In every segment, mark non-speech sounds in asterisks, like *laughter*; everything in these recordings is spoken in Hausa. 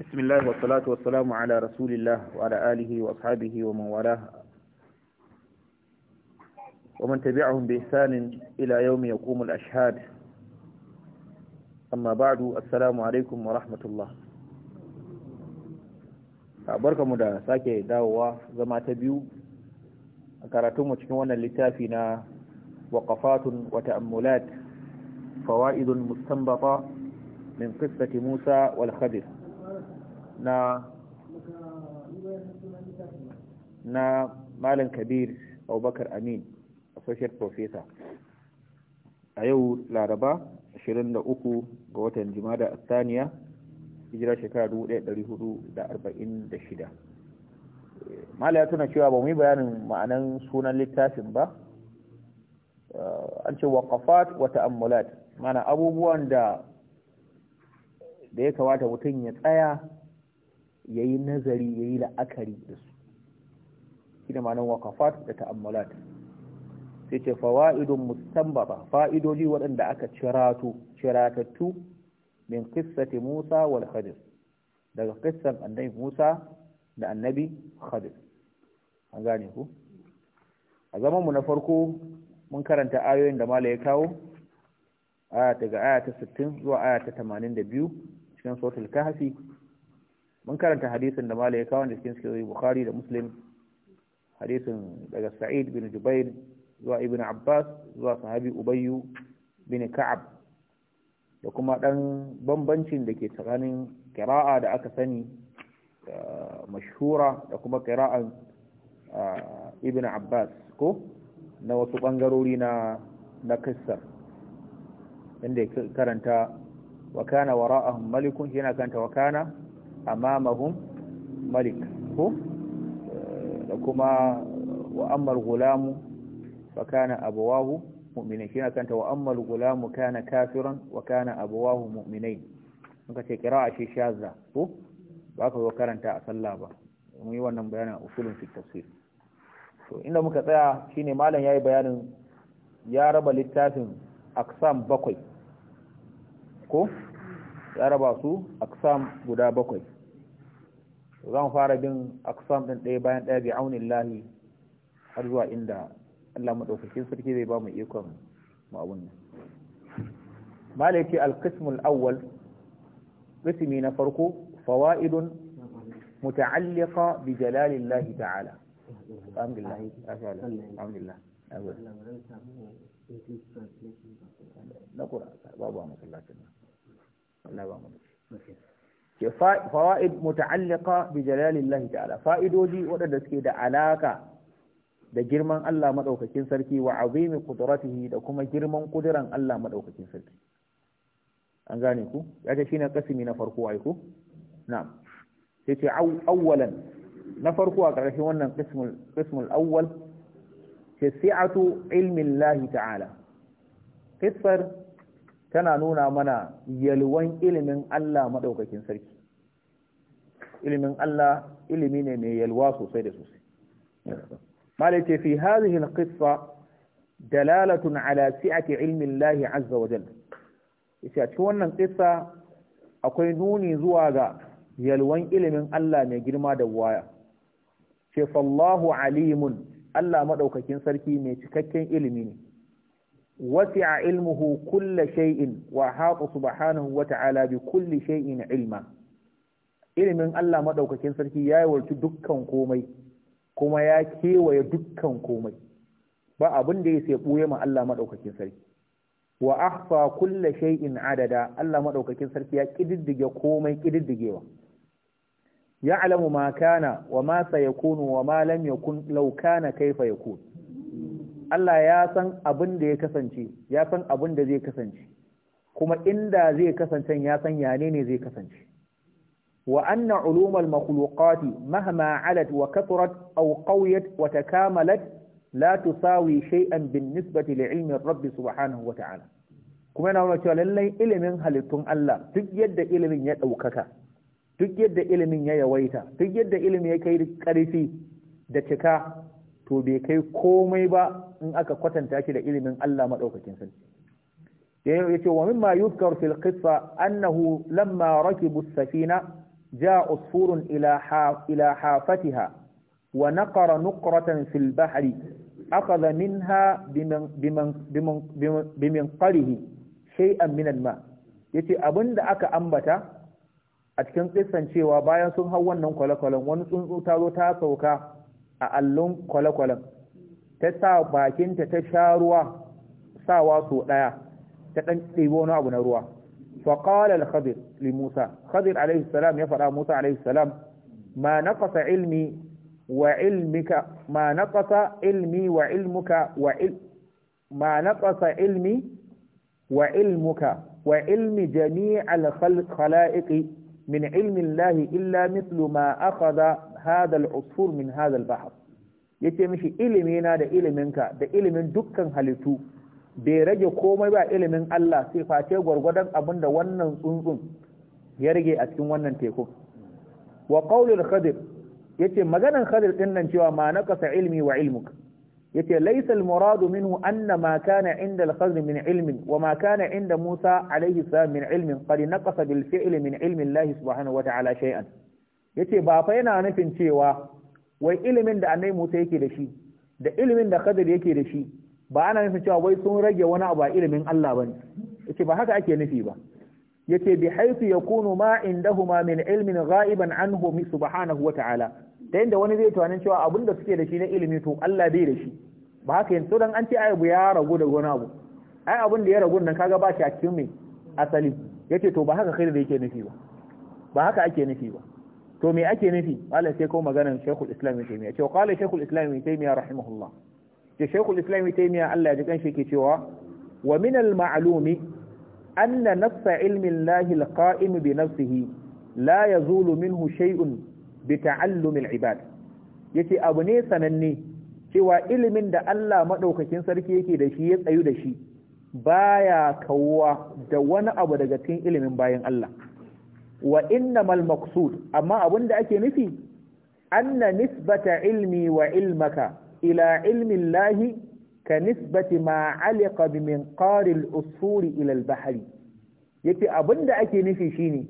بسم الله والصلاة والسلام على رسول الله وعلى آله وأصحابه ومن والاه ومن تبعهم بإحسان إلى يوم يقوم الأشهاد أما بعد السلام عليكم ورحمة الله barkamu da sake dawowa zama ta biyu a karatunmu cikin wannan littafi na waƙafatun wa ta'ammulat fawa'idun min qissati Musa wal na na malam kabir abubakar amin associate professor a yau laraba 23 ga watan jimada a saniya hijira shekara 1446 mala ya tuna cewa ba mu yi bayanin ma'anan sunan littafin ba an ce waƙafat wata ammulat mana abubuwan da da ya kamata mutum ya tsaya ya yi nazari ya yi la'akari da su shine ma'anar wakafat da ta'ammalat sai ce fawa'idun ba fa'idodi waɗanda aka ciratu ciratattu min kisati Musa wal Khadir daga qissan annabi Musa da annabi hadis an gane ku a zaman mu na farko mun karanta ayoyin da mala ya kawo aya daga aya ta 60 zuwa aya ta 82 cikin suratul kahfi mun karanta hadisin da malai ya kawo da cikin sahih bukhari da muslim hadisin daga sa'id bin jubair zuwa ibn abbas zuwa sahabi ubayyu bin ka'ab da kuma dan bambancin da ke tsakanin kira'a da aka sani mashhura da kuma kira'an ibn abbas ko na wasu bangarori na na kissar inda karanta wa kana wara'ahum malikun yana kanta wa kana amamahum malik ko da kuma wa ammal gulamu fa kana abawahu mu'minin kina kanta wa ammal gulamu kana kafiran wa kana abawahu mu'minin muka ce kira'a shi shazza ko ba ka zo karanta a sallah ba mun yi wannan bayanin usulun fi tafsir to inda muka tsaya shine malam yayi bayanin ya raba littafin aksam bakwai ko ya raba su aksam guda bakwai zan fara bin aksam ɗin ɗaya bayan ɗaya bi aunin lahi har zuwa inda Allah maɗaukakin sarki zai ba mu ikon mu nan malaki alqismul awwal qismi na farko fawaidun muta'alliqa bi jalalillahi ta'ala alhamdulillah alhamdulillah na kura ba ba masallacin Allah ba mu Fa'id fawa'id muta'alliqa bi jalalillahi ta'ala fa'idodi wadanda suke da alaka da girman Allah madaukakin sarki wa azimi qudratihi da kuma girman kudiran Allah madaukakin sarki an gane ku ya ce shine kasimi na farko ai ku na'am sai ce awwalan na farko a ƙarshen wannan qismul qismul awwal ce si'atu ilmi Allah ta'ala qisar tana nuna mana yalwan ilimin Allah maɗaukakin sarki ilimin Allah ilimi ne mai yalwa sosai da sosai malaita fi hadhihi alqissa dalalatun ala si'ati ilmi Allah azza wa jalla yace a cikin wannan qissa akwai nuni zuwa ga yalwan ilimin Allah mai girma da waya ce alimun Allah maɗaukakin sarki mai cikakken ilimi ne wasi'a ilmuhu كل شيء wa سبحانه subhanahu wa شيء علما kulli ilma ilimin Allah madaukakin sarki ya yawarci dukkan komai kuma ya kewaye dukkan komai ba abin da ya sai buye ma Allah madaukakin sarki wa ahfa kulla shay'in adada Allah madaukakin sarki ya kididdige komai kididdigewa ya'lamu ma kana wa ma sayakunu wa ma lam yakun law kana kaifa yakun Allah ya san abin da ya kasance ya san abin da zai kasance kuma inda zai kasance ya san yane ne zai kasance wa anna ulumul makhluqati mahma alat wa kathurat aw qawiyat wa takamalat la tusawi shay'an bin nisbati li ilmi rabbi subhanahu wa ta'ala kuma yana nuna cewa lallai ilimin halittun Allah duk yadda ilimin ya ɗaukaka duk yadda ilimin ya yawaita duk yadda ilimin ya kai ƙarfi da cika to bai kai komai ba in aka kwatanta shi da ilimin Allah madaukakin sarki yace wa mimma yuzkar fil qissa annahu lamma rakibu safina ja usfurun ila hafatiha wa naqara nuqratan fil bahri akhadha minha biman biman biman qarihi shay'an min ma yace abinda aka ambata a cikin kissan cewa bayan sun hau wannan kwale-kwalen wani tsuntsu ta zo ta sauka a allon kwale-kwalen ta sa bakinta ta sha ruwa sawa so ɗaya ta ɗan ɗebo wani abu na ruwa faƙalar khadir li musa khadir alaihi salam ya faɗa musa alaihi salam ma naƙasa ilmi wa ilmika ma naƙasa ilmi wa ilmuka wa il ma naƙasa ilmi wa ilmuka wa ilmi jami'al khala'iqi min ilmi Allah illa mithlu ma akhadha hadal العصفور min hadal bahar yace mishi ilimi na da iliminka da ilimin dukkan halittu bai rage komai ba ilimin Allah sai face gwargwadon abin da wannan tsuntsun ya rage a cikin wannan teku wa qaulul khadir yace maganan khadir din nan cewa ma naqasa ilmi wa ilmuka yace laysa al-muradu minhu anna ma kana inda al-khadir min ilmin wa ma kana inda Musa alayhi salam min ilmin qad naqasa bil fi'li min ilmi Allah subhanahu wa ta'ala shay'an yace ba fa yana nufin cewa wai ilimin da annabi Musa yake da shi da ilimin da Khadir yake da shi ba ana nufin cewa wai sun rage wani abu a ilimin Allah bane yace ba haka ake nufi ba yace bi haythu yakunu ma indahuma min ilmin ghaiban anhu subhanahu wa ta'ala ta yadda wani zai tunanin cewa abun da suke da shi na ilimi to Allah bai da shi ba haka yanzu dan an ce ayabu ya ragu da wani abu ai abin da ya ragu nan kaga ba shi a cikin me asali yace to ba haka kai yake nufi ba ba haka ake nufi ba to me ake nufi malam sai ko maganar shekul islam ibn taymiya cewa qala shekul islam ibn taymiya rahimahullah ce shekul islam ibn taymiya Allah ya ji kanshi yake cewa wa min al ma'lumi anna nafsa ilmi Allah al qa'im bi nafsihi la yazulu minhu shay'un bi ta'allum al ibad yace abu ne sananne cewa ilimin da Allah madaukakin sarki yake da shi ya tsayu da shi baya kawuwa da wani abu daga cikin ilimin bayan Allah wa innamal maqsud amma abinda ake nufi anna nisbata ilmi wa ilmaka ila ilmi llahi ka nisbati ma aliqa bi minqar al-usuri ila al-bahri yace abinda ake nufi shine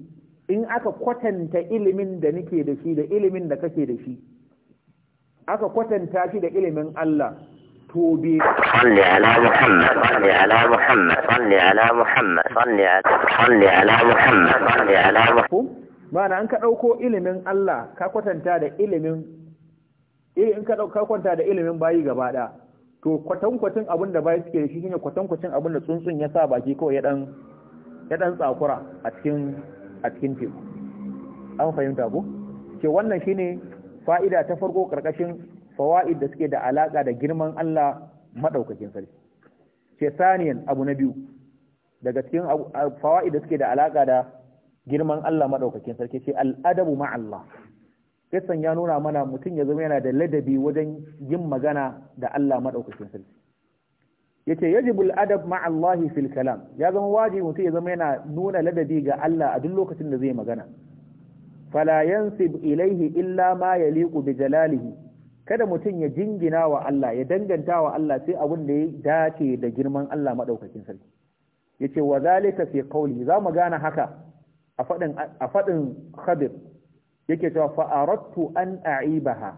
in aka kwatanta ilimin da nake da shi da ilimin da kake da shi aka kwatanta shi da ilimin Allah توبي صلي على محمد صلي على محمد صلي على محمد صلي على صلي على محمد صلي على محمد ma'ana an ka ɗauko ilimin Allah ka kwatanta da ilimin in ka ka kwanta da ilimin bayi gaba to kwatankwacin abin da bayi suke da shi shine kwatankwacin abin da tsuntsun ya sa baki kawai ya dan ya dan tsakura a cikin a cikin teku an fahimta ko ke wannan shine fa'ida ta farko karkashin fawaid da suke da alaka da girman Allah madaukakin sarki ce saniyan abu na biyu daga cikin fawaid da suke da alaka da girman Allah madaukakin sarki ce al'adabu ma Allah kisan ya nuna mana mutum ya zama yana da ladabi wajen yin magana da Allah madaukakin sarki yace yajibu al'adab ma Allah fil kalam ya zama wajibi mutum ya zama yana nuna ladabi ga Allah a duk lokacin da zai magana fala yansib ilaihi illa ma yaliqu bi jalalihi kada mutum ya jingina wa Allah ya danganta wa Allah sai abin da ya dace da girman Allah maɗaukacin sarki ce, wa zalika fi qawli za mu gane haka a faɗin a fadin khabir yake cewa fa aradtu an a'ibaha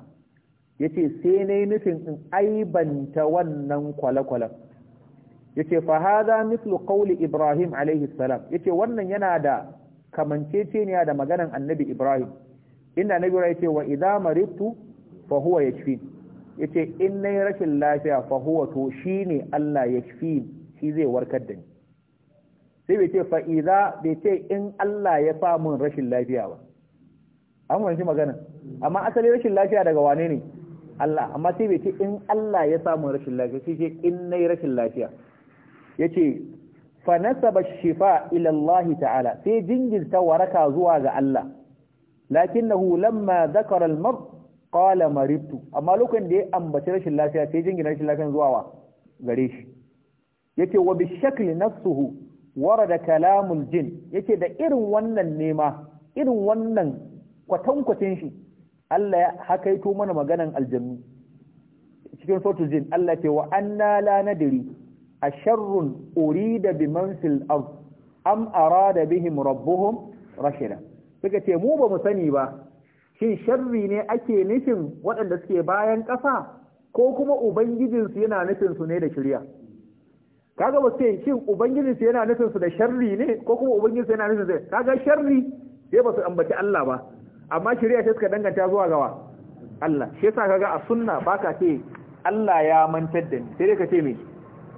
yace sai nayi nufin in aibanta wannan kwalakwalan yace fa hadha mithlu qawli ibrahim alayhi salam yace wannan yana da kamanceceniya da maganan annabi ibrahim inda nabi ya ce wa idza maridtu ya huwa ya ce in na yi rashin lafiya fa to shi ne Allah ya yakfi shi zai warkar da ni sai bai ce Fa'iza bai ce in Allah ya fa mun rashin lafiya ba an wani magana amma asali rashin lafiya daga wane ne Allah amma sai bai ce in Allah ya samu rashin lafiya sai ce in na yi rashin lafiya ya ce fa nasaba shifa ila Allah ta'ala sai jingilta waraka zuwa ga Allah lakinnahu lamma dhakara al-mard qala maribtu amma lokacin da ya ambaci rashin lafiya sai jingina rashin lafiyan zuwa wa gare shi yake wa bishakli nafsuhu warada kalamul jin yake da irin wannan nema irin wannan kwatankwacin shi Allah ya hakaito mana maganan aljannu cikin sautu jin Allah ce wa anna la nadri asharrun urida biman fil ard am arada bihim rabbuhum rashida suka ce mu ba mu sani ba shin sharri ne ake nufin waɗanda suke bayan ƙasa ko kuma ubangijinsu yana nufin su ne da shirya kaga ba sai shin ubangijinsu yana nufin su da sharri ne ko kuma ubangijinsu yana nufin su kaga sharri sai ba su ambaci Allah ba amma shirya sai suka danganta zuwa gawa Allah shi yasa kaga a sunna baka ce Allah ya mantar da ni sai dai ka ce me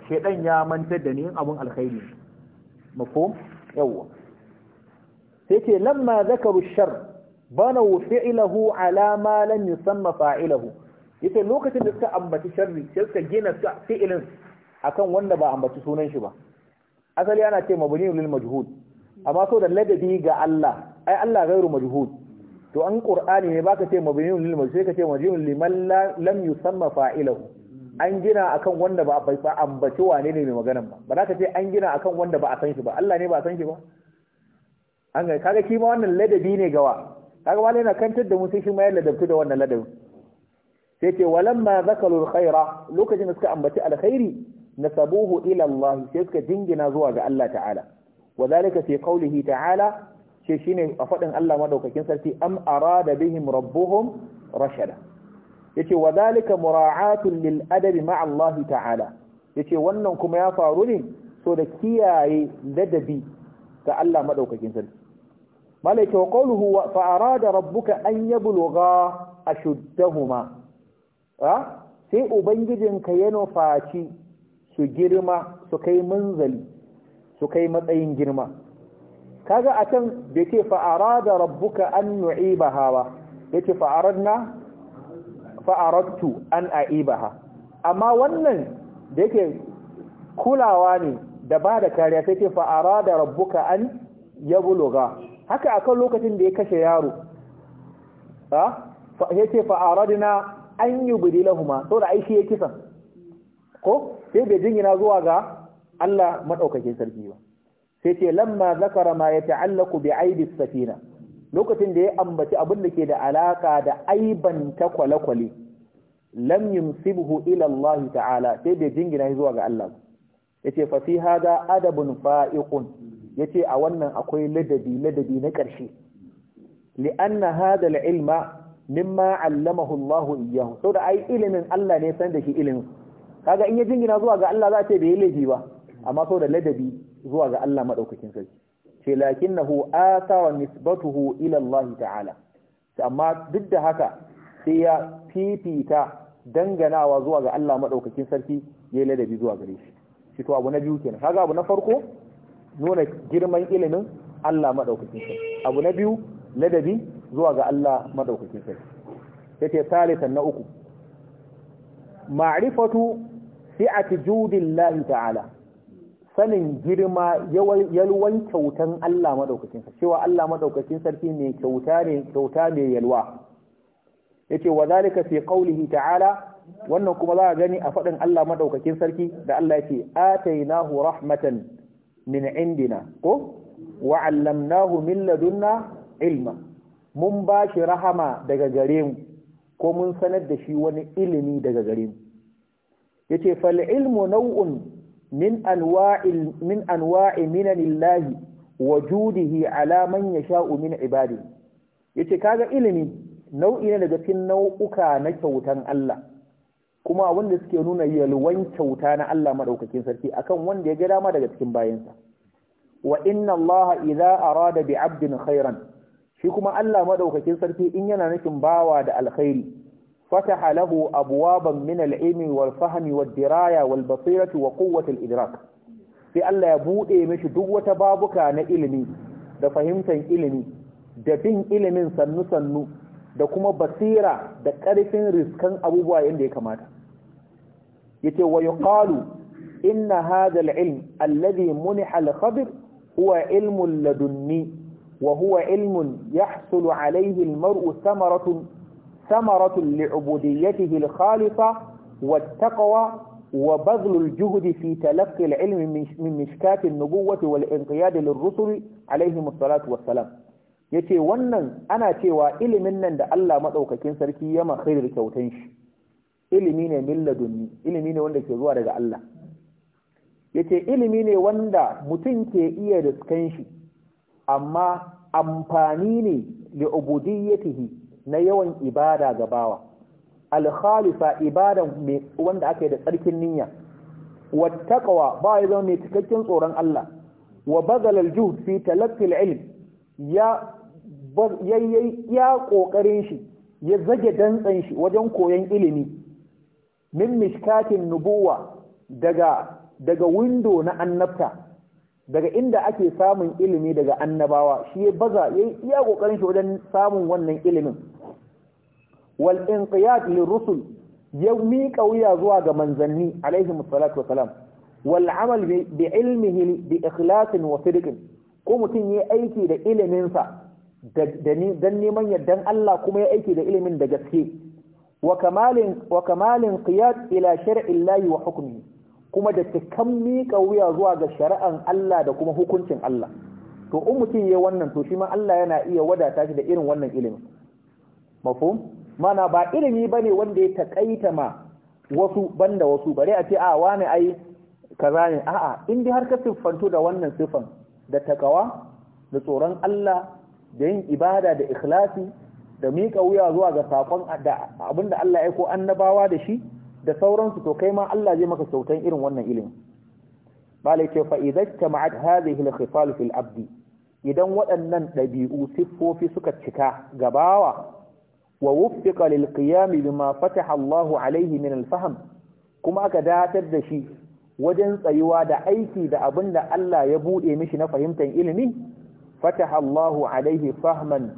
shedan ya mantar da ni in abun alkhairi mafhum yawwa sai ce lamma zakaru shar Banau fi'lahu ala ma lam yusamma fa'ilahu yace lokacin da suka ambaci sharri sai suka gina suka fi'ilin akan wanda ba ambaci sunan shi ba asali ana ce mabni lil majhul amma so da ladabi ga Allah ai Allah gairu majhul to an qur'ani ne baka ce mabni lil majhul sai ka ce mabni liman lam yusamma fa'ilahu an gina akan wanda ba ba ambaci wane ne mai maganar ba ba za ka ce an gina akan wanda ba a san shi ba Allah ne ba a san shi ba an ga kaga kima wannan ladabi ne gawa kaga wala yana kantar da mu sai shi ma ya ladabtu da wannan ladabin sai ce walamma zakalul khaira lokacin da suka ambaci alkhairi nasabuhu ila Allah sai suka jingina zuwa ga Allah ta'ala wadhalika fi qawlihi ta'ala shi shine a fadin Allah madaukakin sarki am arada bihim rabbuhum rashada yace wadhalika mura'atun lil adabi ma'a Allah ta'ala yace wannan kuma ya faru ne so da kiyaye ladabi ga Allah madaukakin sarki malaika wa qawluhu fa arada rabbuka an yablugha ashuddahuma ha sai ubangijinka ya nufaci su girma su kai munzali su kai matsayin girma kaga a can bai ce arada rabbuka an nu'ibaha ba fa ce fa'aradna aradtu an a'ibaha amma wannan da yake kulawa ne da ba da kariya sai ce arada rabbuka an yabuluga haka akan lokacin da ya kashe yaro ha ya ce fa'aradina an yi budi lahuma saboda aiki ya kisan ko sai bai jingina zuwa ga Allah madaukakin sarki ba sai ce lamma zakara ma ya ta'allaku bi aidi safina lokacin da ya ambaci abin da ke da alaka da aiban ta kwale lam yumsibhu ila Allah ta'ala sai bai jingina zuwa ga Allah yace fa fi hada adabun fa'iqun Ya ce a wannan akwai ladabi ladabi na ƙarshe li'anna hadala ilma mimma allamahu Allahu iyyahu da ai ilimin Allah ne san da shi ilimin kaga in ya jingina zuwa ga Allah za ta bai ladabi ba amma da ladabi zuwa ga Allah madaukakin sarki ce lakinnahu atara nisbatuhu ila Allah ta'ala amma duk da haka sai ya fifita danganawa zuwa ga Allah madaukakin sarki yayin ladabi zuwa gare shi shi to abu na biyu kenan kaga abu na farko nuna girman ilimin Allah maɗaukakin sarki abu na biyu ladabi zuwa ga Allah sai sarki ce salisan na uku ma'rifatu si'ati lahi ta'ala sanin girma yalwan kyautan Allah maɗaukakin sarki cewa Allah maɗaukakin sarki ne kyauta ne kyauta ne yalwa yace wa zalika fi qawlihi ta'ala wannan kuma za a gani a faɗin Allah maɗaukakin sarki da Allah yake atainahu rahmatan min indina ko wa 'allamnahu min ladunna ilma mun ba shi rahama daga gare mu ko mun sanar da shi wani ilimi daga gare mu yace fal ilmu naw'un min anwa'il min anwa'i minanillahi wa judihi ala man yasha'u min ibadihi yace kaga ilimi nau'i ne daga cikin nau'uka na kyautan Allah kuma abin suke nuna yalwan kyauta na Allah madaukakin sarki akan wanda ya ga dama daga cikin bayansa wa inna Allah idza arada bi 'abdin khairan shi kuma Allah madaukakin sarki in yana nufin bawa da alkhairi fataha lahu abwaban min al-ilmi wal fahmi wad diraya wal basirati wa quwwati al-idrak sai Allah ya bude mishi duk wata babuka na ilimi da fahimtar ilimi da bin ilimin sannu sannu da kuma basira da ƙarfin riskan abubuwa yadda ya kamata yace wa yuqalu inna hadha al-ilm alladhi munha al-khabir huwa ilmun ladunni wa huwa ilmun yahsulu alayhi al-mar'u thamaratun thamaratun li'ubudiyyatihi al-khalifa wat-taqwa وبذل الجهد في تلقي العلم من مشكات النبوة والانقياد للرسل عليهم الصلاة والسلام Yace wannan ana cewa ilimin nan da Allah maɗaukakin sarki ya makhairar kyautan shi ilimi ne milladunni ilimi ne wanda ke zuwa daga Allah Yace ilimi ne wanda mutum ke iya riskan shi amma amfani ne ubudiyyatihi na yawan ibada ga bawa alkhalifa ibadan wanda aka da tsarkin niyya wattaqwa ba ya zama mai cikakken tsoron Allah wa bazalal juhd fi talaqqi ilm ya yayi ya ƙoƙarin shi ya zage dantsan shi wajen koyon ilimi min mishkatin nubuwa daga daga window na annabta daga inda ake samun ilimi daga annabawa shi ya baza yayi iya ƙoƙarin shi wajen samun wannan ilimin wal inqiyad lirusul ya miƙa wuya zuwa ga manzanni alaihi musallatu wasalam wal amal bi ilmihi bi ikhlasin wa sidqin ko mutum yayi aiki da iliminsa dan neman yardan Allah kuma ya aiki da ilimin da gaske wa kamalin wa kamalin qiyad ila wa hukmi kuma da cikan mika wuya zuwa ga shari'an Allah da kuma hukuncin Allah to in mutum yayi wannan to shi ma Allah yana iya wadata shi da irin wannan ilimin mafhum mana ba ilimi bane wanda ya takaita ma wasu banda wasu bare a ce a wani ai kaza ne a'a in dai har ka siffanto da wannan siffan da takawa da tsoron Allah da yin ibada da ikhlasi da miƙa wuya zuwa ga saƙon da abinda Allah ya ko annabawa da shi da sauransu to kai ma Allah zai maka kyautan irin wannan ilimi malai ce fa idza ma'at hadhihi al-khifal fil abdi idan waɗannan ɗabi'u siffofi suka cika gabawa wa wuffiqa lil qiyam bima fataha Allahu alayhi min al-fahm kuma aka datar da shi wajen tsayuwa da aiki da abinda Allah ya buɗe mishi na fahimtar ilimi fataha Allahu alaihi fahman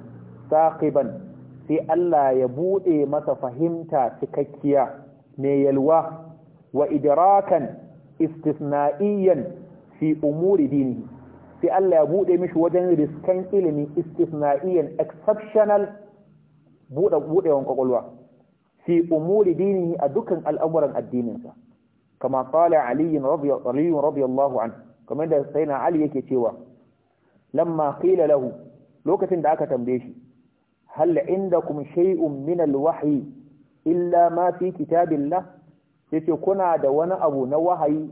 saqiban sai Allah ya bude masa fahimta cikakkiya mai yalwa wa idrakan istisna'iyan fi umuri dini sai Allah ya bude mishi wajen riskan ilimi istisna'iyan exceptional bude budewan kwakwalwa umuri dini a dukkan al'amuran addininsa kama qala ali radiyallahu anhu kamar da sayyidina ali yake cewa lamma qila lahu lokacin da aka tambaye shi hal indakum shay'un min al-wahyi illa ma fi kitabillah yace kuna da wani abu na wahayi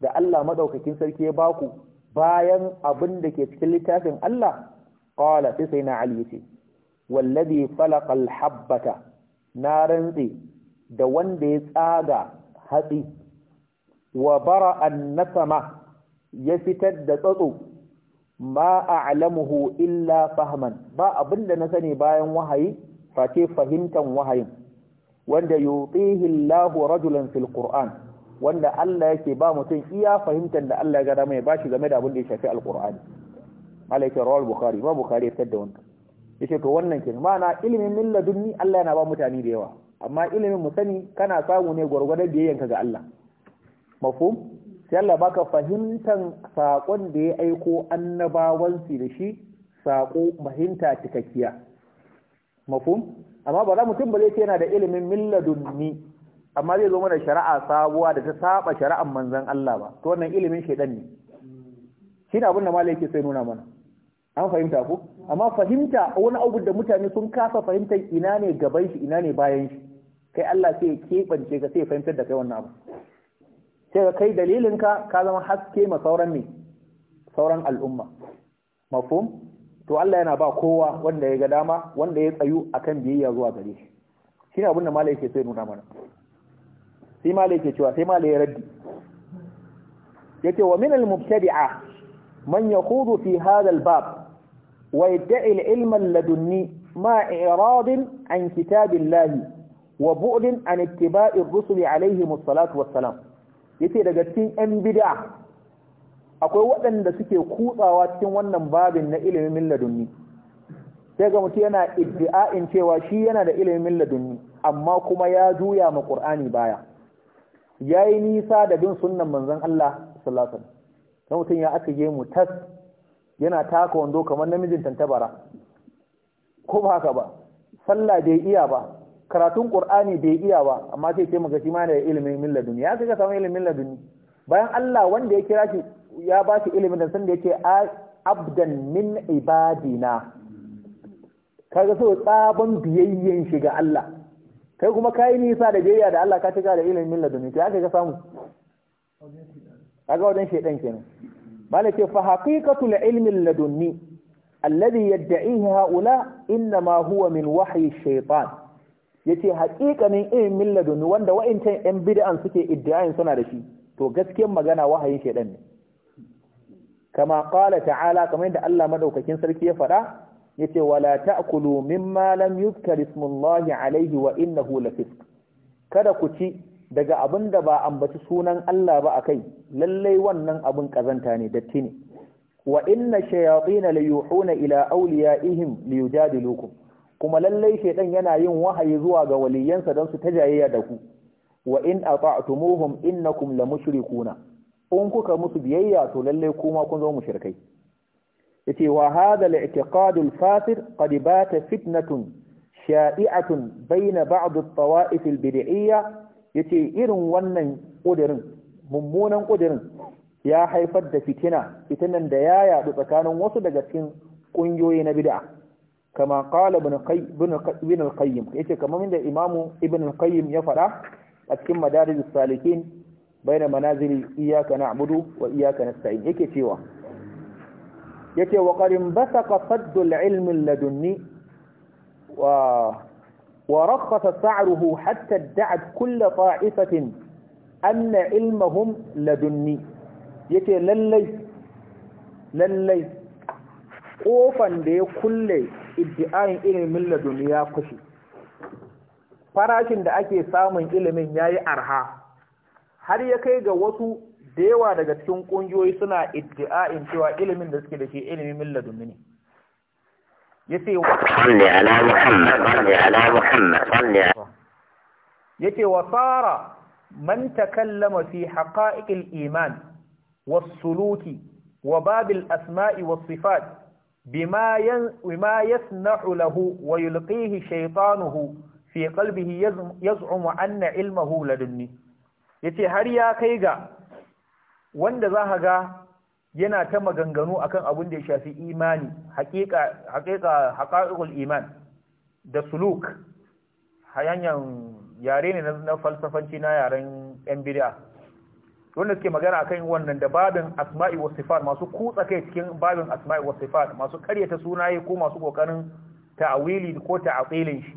da Allah madaukakin sarki ya baku bayan abin da ke cikin littafin Allah qala sai na ali yace wallazi falaqa al-habbata na rantse, da wanda ya tsaga hatsi wa bara an ya fitar da tsatso ma a'lamuhu illa fahman ba abinda na sani bayan wahayi face fahimtan wahayin wanda yutihi Allahu rajulan fil wanda Allah yake ba mutum iya fahimtan da Allah ya ga mai bashi game da abin da ya shafi alqur'ani malaika rawal bukari ma bukari ya da wannan ce to wannan kin ma'ana ilimin min ladunni Allah yana ba mutane da yawa amma ilimin mu sani kana samu ne gurgurdan biyayyanka ga Allah mafhum sai Allah baka fahimtan saƙon da ya aiko annabawansu da shi saƙo fahimta cikakkiya mafhum amma ba za mutum ba zai ce yana da ilimin milladunni amma zai zo mana shari'a sabuwa da ta saba shari'an manzon Allah ba to wannan ilimin shedan ne Shi abin da malai yake sai nuna mana an fahimta ku? amma fahimta wani abu da mutane sun kasa fahimtar ina ne gaban shi ina ne bayan shi kai Allah sai ya kebance ka sai ya fahimtar da kai wannan abu sai kai dalilinka ka zama haske ma sauran ne sauran al'umma mafhum to Allah yana ba kowa wanda ya ga dama wanda ya tsayu akan biyayya zuwa gare shi shine abin da malai ke sai nuna mana sai malai ke cewa sai malai ya raddi yace wa min al-mubtadi'a man yakhudu fi hadha al-bab wa yad'i al-ilma ladunni ma irad an kitabillahi wa bu'd an ittiba'i ar rusul alayhi as-salatu was-salam yace daga cikin yan bid'a akwai waɗanda suke kutsawa cikin wannan babin na ilimin milladunni sai ga mutum yana iddi'a'in cewa shi yana da ilimin milladunni amma kuma ya juya ma qur'ani baya yayi nisa da bin sunnan manzon Allah sallallahu alaihi wasallam mutum ya aka mu tas yana taka wando kamar namijin tantabara ko ba haka ba sallah bai iya ba karatun qur'ani bai iya ba amma sai ce maka shi ma da ilimin min laduni ya kaga samu ilimin laduni bayan Allah wanda ya kira shi ya ba shi ilimin da sanda yake abdan min ibadina kaga so tsaban biyayyen shi ga Allah kai kuma kai nisa da biyayya da Allah ka shiga da ilimin laduni to ya kaga samu kaga wajen shedan kenan ce fa haqiqatul ilmi laduni alladhi yad'ihi haula inma huwa min wahyi shaytan yace haƙiƙanin ilmin ladunni wanda wa'incan ƴan bid'an suke iddiayin suna da shi to gaskiyar magana wahayin shedan ne kama qala ta'ala kamar yadda Allah madaukakin sarki ya faɗa yace wala ta'kulu mimma lam yuzkar ismullahi alayhi wa innahu fisk kada ku ci daga abin da ba ambaci sunan Allah ba akai lallai wannan abin kazanta ne datti ne wa inna shayatin la yuhuna ila awliyaihim liyujadilukum kuma lallai shaidan yana yin wahayi zuwa ga waliyansa don su tajayayya da ku wa in ata'tumuhum innakum lamushrikuna in kuka musu biyayya to lallai kuma kun zama mushrikai yace wa hadha al-i'tiqad al-fasid qad bata fitnatun sha'i'atun bayna ba'd at-tawa'if al-bid'iyya yace irin wannan kudirin mummunan kudirin ya haifar da fitina fitinan da ya yadu tsakanin wasu daga cikin kungiyoyi na bid'a kama qala bin al-qayyim ce kamar inda imamu ibn al-qayyim ya faɗa a cikin madarijus salikin baina manazili iyyaka abudu wa iyyaka nasta'in yake cewa yace wa qarin basaka faddul ilmin ladunni wa wa rakhasa sa'ruhu hatta da'at kullu ta'ifatin anna ilmahum ladunni yace lallai lallai kofan da ya kulle iddiayin ilimin laduni ya kushe farashin da ake samun ilimin ya yi arha har ya kai ga wasu da yawa daga cikin ƙungiyoyi suna iddiayin cewa ilimin da suke da shi ilimin laduni ne yace wa salli ala muhammad ala muhammad wa sara man takallama fi haqa'iqil iman wasuluki wa babil asma'i wasu sifat bima yasna'u lahu wa yulqihi shaytanuhu fi qalbihi yaz'umu anna ilmahu ladunni yace har ya kai ga wanda za ga yana ta maganganu akan abin da ya shafi imani haqiqa haqiqa iman da suluk hayanyan yare ne na falsafanci na yaren yan bid'a wanda suke magana akan wannan da babin asma'i wa sifat masu kutsa kai cikin babin asma'i wa sifat masu karyata sunaye ko masu kokarin ta'awili ko ta'atilin shi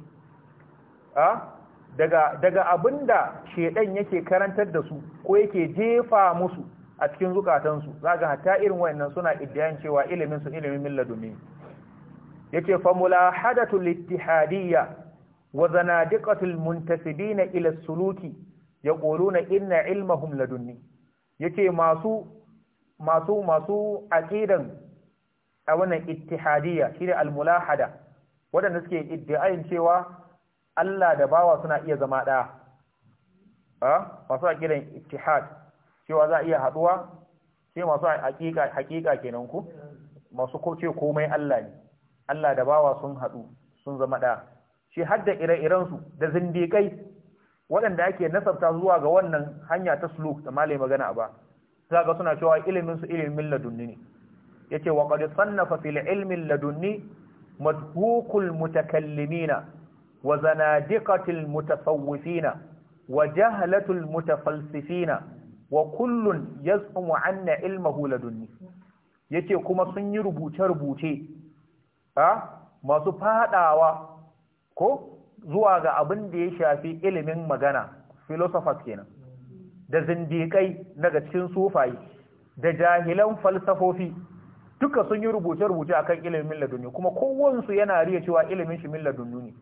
a daga daga abinda shedan yake karantar da su ko yake jefa musu a cikin zukatansu zaga hatta irin wayannan suna iddiyan cewa ilimin su ilimin milladumi yace fa mulahadatu ittihadiyya wa zanadiqatul muntasibina ila suluki yaquluna inna ilmahum ladunni yace masu masu masu aqidan a wannan ittihadiyya shine al-mulahada wadanda suke iddiayin cewa Allah da bawa suna iya zama daya a masu aqidan ittihad cewa za iya haduwa sai masu haqiqa haqiqa kenan ku masu koce komai Allah ne Allah da bawa sun hadu sun zama daya shi hadda ire-iren su da zindikai waɗanda ake nasabta zuwa ga wannan hanya ta sluk da malai magana ba za ga suna cewa ilimin su ilimin ladunni ne yace wa waƙar sannafa fil ilimin ladunni madhukul mutakallimina wa zanadiqatil mutasawwifina wa jahlatul mutafalsifina wa kullun yaz'umu anna ilmahu ladunni yace kuma sun yi rubuce rubuce a masu fadawa ko zuwa ga abin da ya shafi ilimin magana philosophers kenan da zindiƙai daga cikin sufayi da jahilan falsafofi duka sun yi rubuce-rubuce akan ilimin ladunni kuma kowansu yana riya cewa ilimin shi min ladunni ne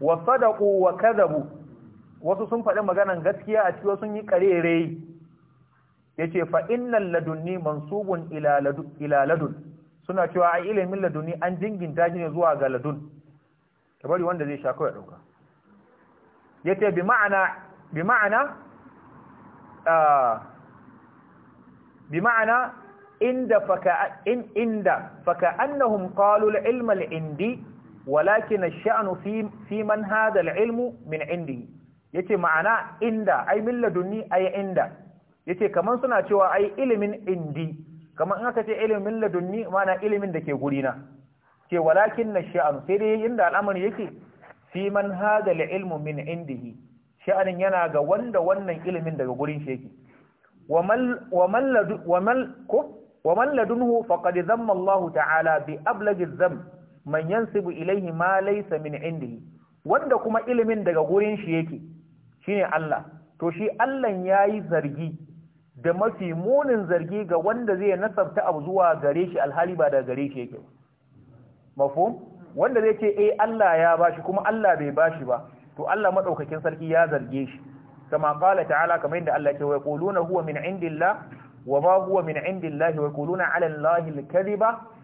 wa sadaqu wa kadabu wasu sun faɗi maganan gaskiya a cikin sun yi karere yace fa innal ladunni mansubun ila ladun suna cewa a ilimin ladunni an jinginta shi ne zuwa ga ladun ta bari wanda zai sha kawai ɗauka ya ce bi ma'ana bi ma'ana inda faka in inda faka ilma al-indi walakin sha'anu fi man hadha al-ilmu min indi Ya ce ma'ana inda ai min ladunni ai inda Ya ce kaman suna cewa ai ilimin indi Kamar in aka ce ilimin ladunni ma'ana ilimin da ke gurina ce walakin na sha'an sai dai inda al'amari yake fi man hada ilmu min indihi sha'anin yana ga wanda wannan ilimin daga gurin shi yake wa man ladunhu faqad zamma Allah ta'ala bi ablaghi zam man yansibu ilayhi ma min indihi wanda kuma ilimin daga gurin shi yake shine Allah to shi Allah yayi zargi da mafi munin zargi ga wanda zai nasabta abu zuwa gare shi alhali ba daga gare shi yake ba mafhum wanda zai ce eh Allah ya bashi kuma Allah bai bashi ba to Allah madaukakin sarki ya zarge shi kama qala ta'ala kamar inda Allah ce wa yaquluna huwa min indillah wa ba huwa min indillah wa yaquluna 'ala allahi al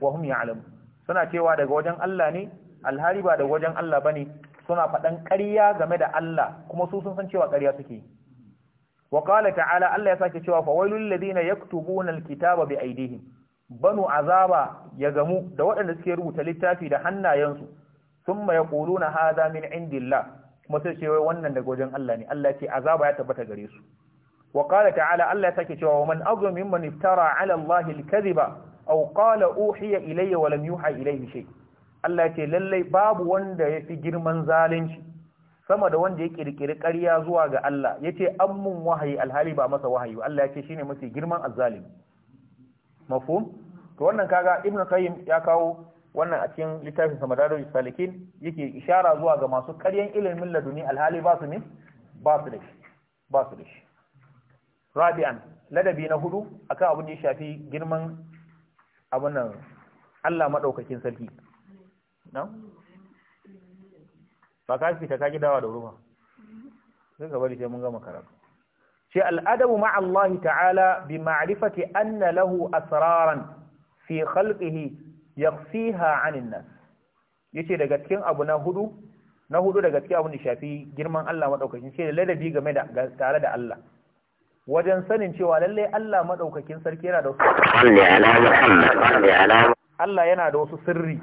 wa hum ya'lamun suna cewa daga wajen Allah ne alhari ba daga wajen Allah bane suna faɗan ƙarya game da Allah kuma su sun san cewa ƙarya suke wa qala ta'ala Allah ya sake cewa fa wailul ladina yaktubuna al-kitaba bi aydihim banu azaba ya gamu da waɗanda suke rubuta littafi da hannayensu thumma yaquluna hadha min indillah kuma sai ce wai wannan daga wajen Allah ne Allah ce azaba ya tabbata gare su wa qala ta'ala Allah ya sake cewa man azum mimman iftara ala Allah al-kadhiba aw qala uhiya ilayya wa lam yuha ilayhi shay Allah ce lalle babu wanda yafi girman zalunci sama da wanda ya kirkiri ƙarya zuwa ga Allah yace ammun wahayi alhali ba masa wahayi Allah ya ce shine mafi girman azzalimi mafhum to wannan kaga ibnu qayyim ya kawo wannan a cikin littafin samadarul salikin yake ishara zuwa ga masu karyan ilimin laduni alhali ba su ne ba su da shi ba su da shi rabi'an ladabi na hudu akan abin da ya shafi girman abin nan Allah madaukakin sarki na ba ka fita ka gidawa da ruwa sai ka bari sai mun gama karatu ce al'adabu ma'allahi ta'ala bi an na lahu asraran fi khalqihi yakhfiha nan Ya ce daga cikin abu na hudu na hudu daga cikin abun da shafi girman Allah ,maɗaukakin shi da ladabi game da tare da Allah wajen sanin cewa lallai Allah ,maɗaukakin sarki yana da wasu Allah yana da wasu sirri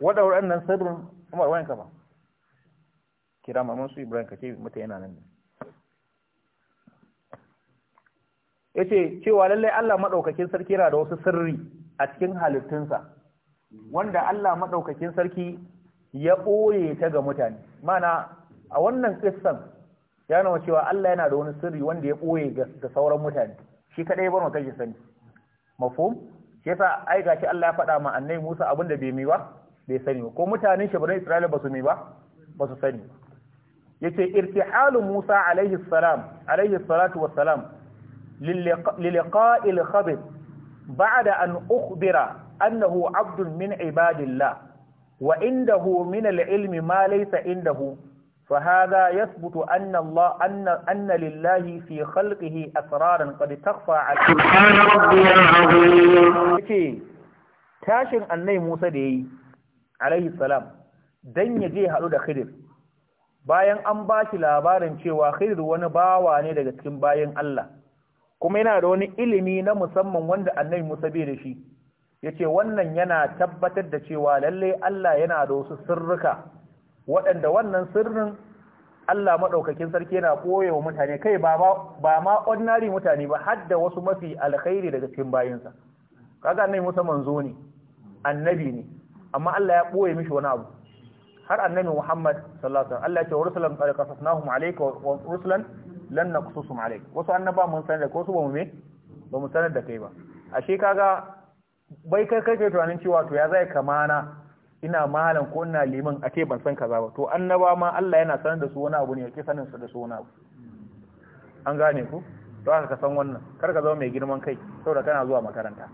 waɗannan sirrin Umar wani kama kira mamansu Ibrahim kace mutane yana nan Ya ce cewa lallai Allah maɗaukakin sarki yana da wasu sirri a cikin halittunsa wanda Allah maɗaukakin sarki ya ɓoye ta ga mutane mana a wannan ƙissan ya nawa cewa Allah yana da wani sirri wanda ya ɓoye ga sauran mutane shi kaɗai bar mu kashi sani mafhum shi yasa ai gashi Allah ya faɗa ma annai Musa abin da bai mai ba bai sani ko mutanen shi bane Isra'ila ba su mai ba ba su sani yace irtihalu Musa alaihi salam alaihi salatu wassalam للقاء الخبر بعد أن أخبر أنه عبد من عباد الله وعنده من العلم ما ليس عنده فهذا يثبت أن الله أن أن لله في خلقه أسرارا قد تخفى على سبحان ربي العظيم tashin annai Musa da yayi alaihi salam dan ya je haɗu da Khidir bayan an ba shi labarin cewa Khidir wani bawa ne daga cikin bayan Allah kuma yana da wani ilimi na musamman wanda annabi Musa bai da shi yace wannan yana tabbatar da cewa lalle Allah yana da wasu sirrika waɗanda wannan sirrin Allah madaukakin sarki yana koyewa wa mutane kai ba ba ma ordinary mutane ba har da wasu mafi alkhairi daga cikin bayinsa kaga annabi Musa manzo ne annabi ne amma Allah ya koya mishi wani abu har annabi Muhammad sallallahu alaihi wasallam Allah ya ce wa rusulan qad qasasnahum alayka wa rusulan lan naqsusum alayk wasu annaba mun sanar da ko su ba mu me ba mu sanar da kai ba ashe kaga bai kai kai tunanin cewa to ya zai kamana ina malam ko ina liman a ce ban san kaza ba to annaba ma Allah yana sanar da su wani abu ne yake sanin su da su wani abu an gane ku to haka ka san wannan kar ka zama mai girman kai saboda kana zuwa makaranta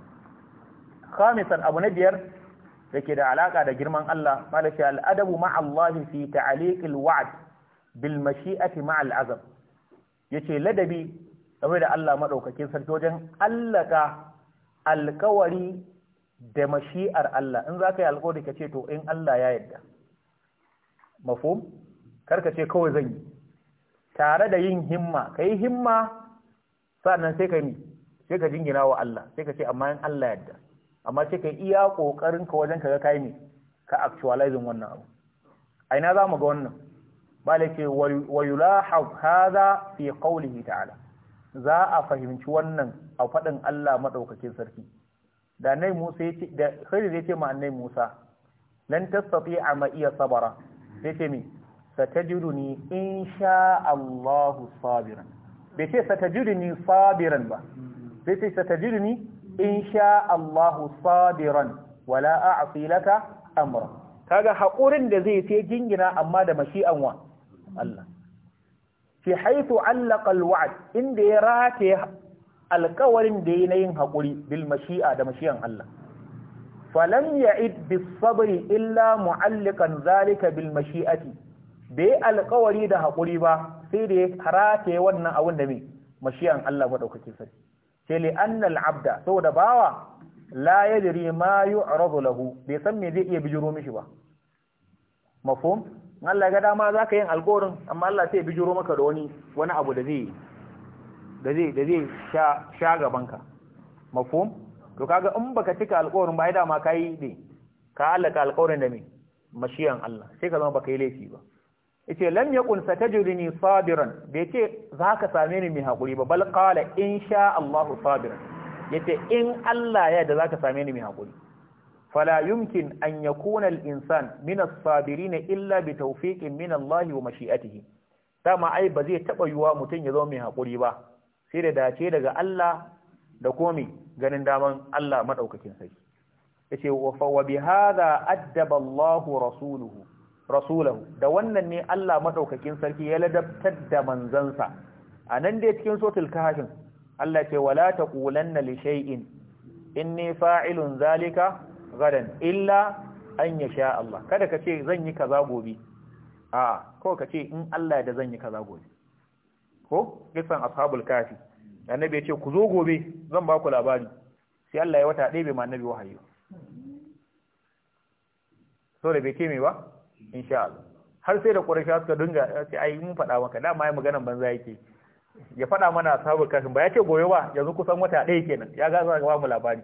khamisan abu na biyar dake da alaka da girman Allah malaka al-adabu ma'a Allah fi ta'liq al-wa'd bil mashi'ati ma'al al-azab yace ladabi game da Allah maɗaukakin sarki wajen allaka alkawari da mashi'ar Allah in zaka yi alkawari ka ce to in Allah ya yarda mafhum karka ce kawai zan yi tare da yin himma kai himma sannan sai ka yi sai ka jingina wa Allah sai ka ce amma in Allah yadda amma sai ka iya kokarin ka wajen ka ga kai ne ka actualizing wannan abu a ina za mu ga wannan malike wa yulahab hadha fi qawlihi ta'ala za a fahimci wannan a fadin Allah madaukakin sarki da nai Musa yace da zai yace ma annai Musa lan tastati'a ma iya sabara yace mi satajiduni insha Allahu sabiran bai ce satajiduni sabiran ba bai ce satajiduni insha Allahu sabiran wala a'si laka amra kaga haƙurin da zai sai jingina amma da mashi'an wa Allah fi haythu allaqa alwa'd inda ya rataye alkawarin da yayin yin hakuri bil mashi'a da mashiyan Allah falam ya'id bis illa mu'allikan zalika bil mashi'ati bai alkawari da haƙuri ba sai da ya rataye wannan abun da mai mashiyan Allah madaukakin sarki sai li annal abda saboda bawa la yadri ma yu'radu lahu bai san me zai iya bijiro mishi ba mafhum Allah ga dama za ka yin alkawarin amma Allah sai bijiro maka da wani wani abu da zai da zai da zai sha sha gabanka mafhum to kaga in baka cika alkawarin ba ai dama kai ne ka halaka alkawarin da me mashiyan Allah sai ka zama baka yi laifi ba yace lam yakun satajidni sabiran da yace ka same ni mai hakuri ba bal qala insha Allah sabiran yace in Allah ya da za ka same ni mai hakuri fala yumkin an yakuna insan min as illa bi tawfiqin min Allah wa mashi'atihi dama ai ba zai taba yuwa mutum ya zama mai hakuri ba sai da dace daga Allah da komi ganin daman Allah madaukakin sarki yace wa fa wa bi hadha addaba Allah rasuluhu rasulahu da wannan ne Allah maɗaukakin sarki ya ladabtar da manzansa anan dai cikin sotul kahfin Allah ce wala ta taqulanna li shay'in inni fa'ilun zalika gadan illa an ya sha Allah kada ka ce zan yi kaza gobe a ko ka ce in Allah da zan yi kaza gobe ko kisan ashabul kafi annabi ya ce ku zo gobe zan ba ku labari sai Allah ya wata ɗaya bai ma annabi wahayi so da bai ce mai ba insha Allah har sai da Quraysh suka dinga sai ai mun faɗa maka dama ya maganan banza yake ya faɗa mana ashabul kafin ba ya ce goyo ba yanzu kusan wata ɗaya kenan ya ga za ka ba mu labari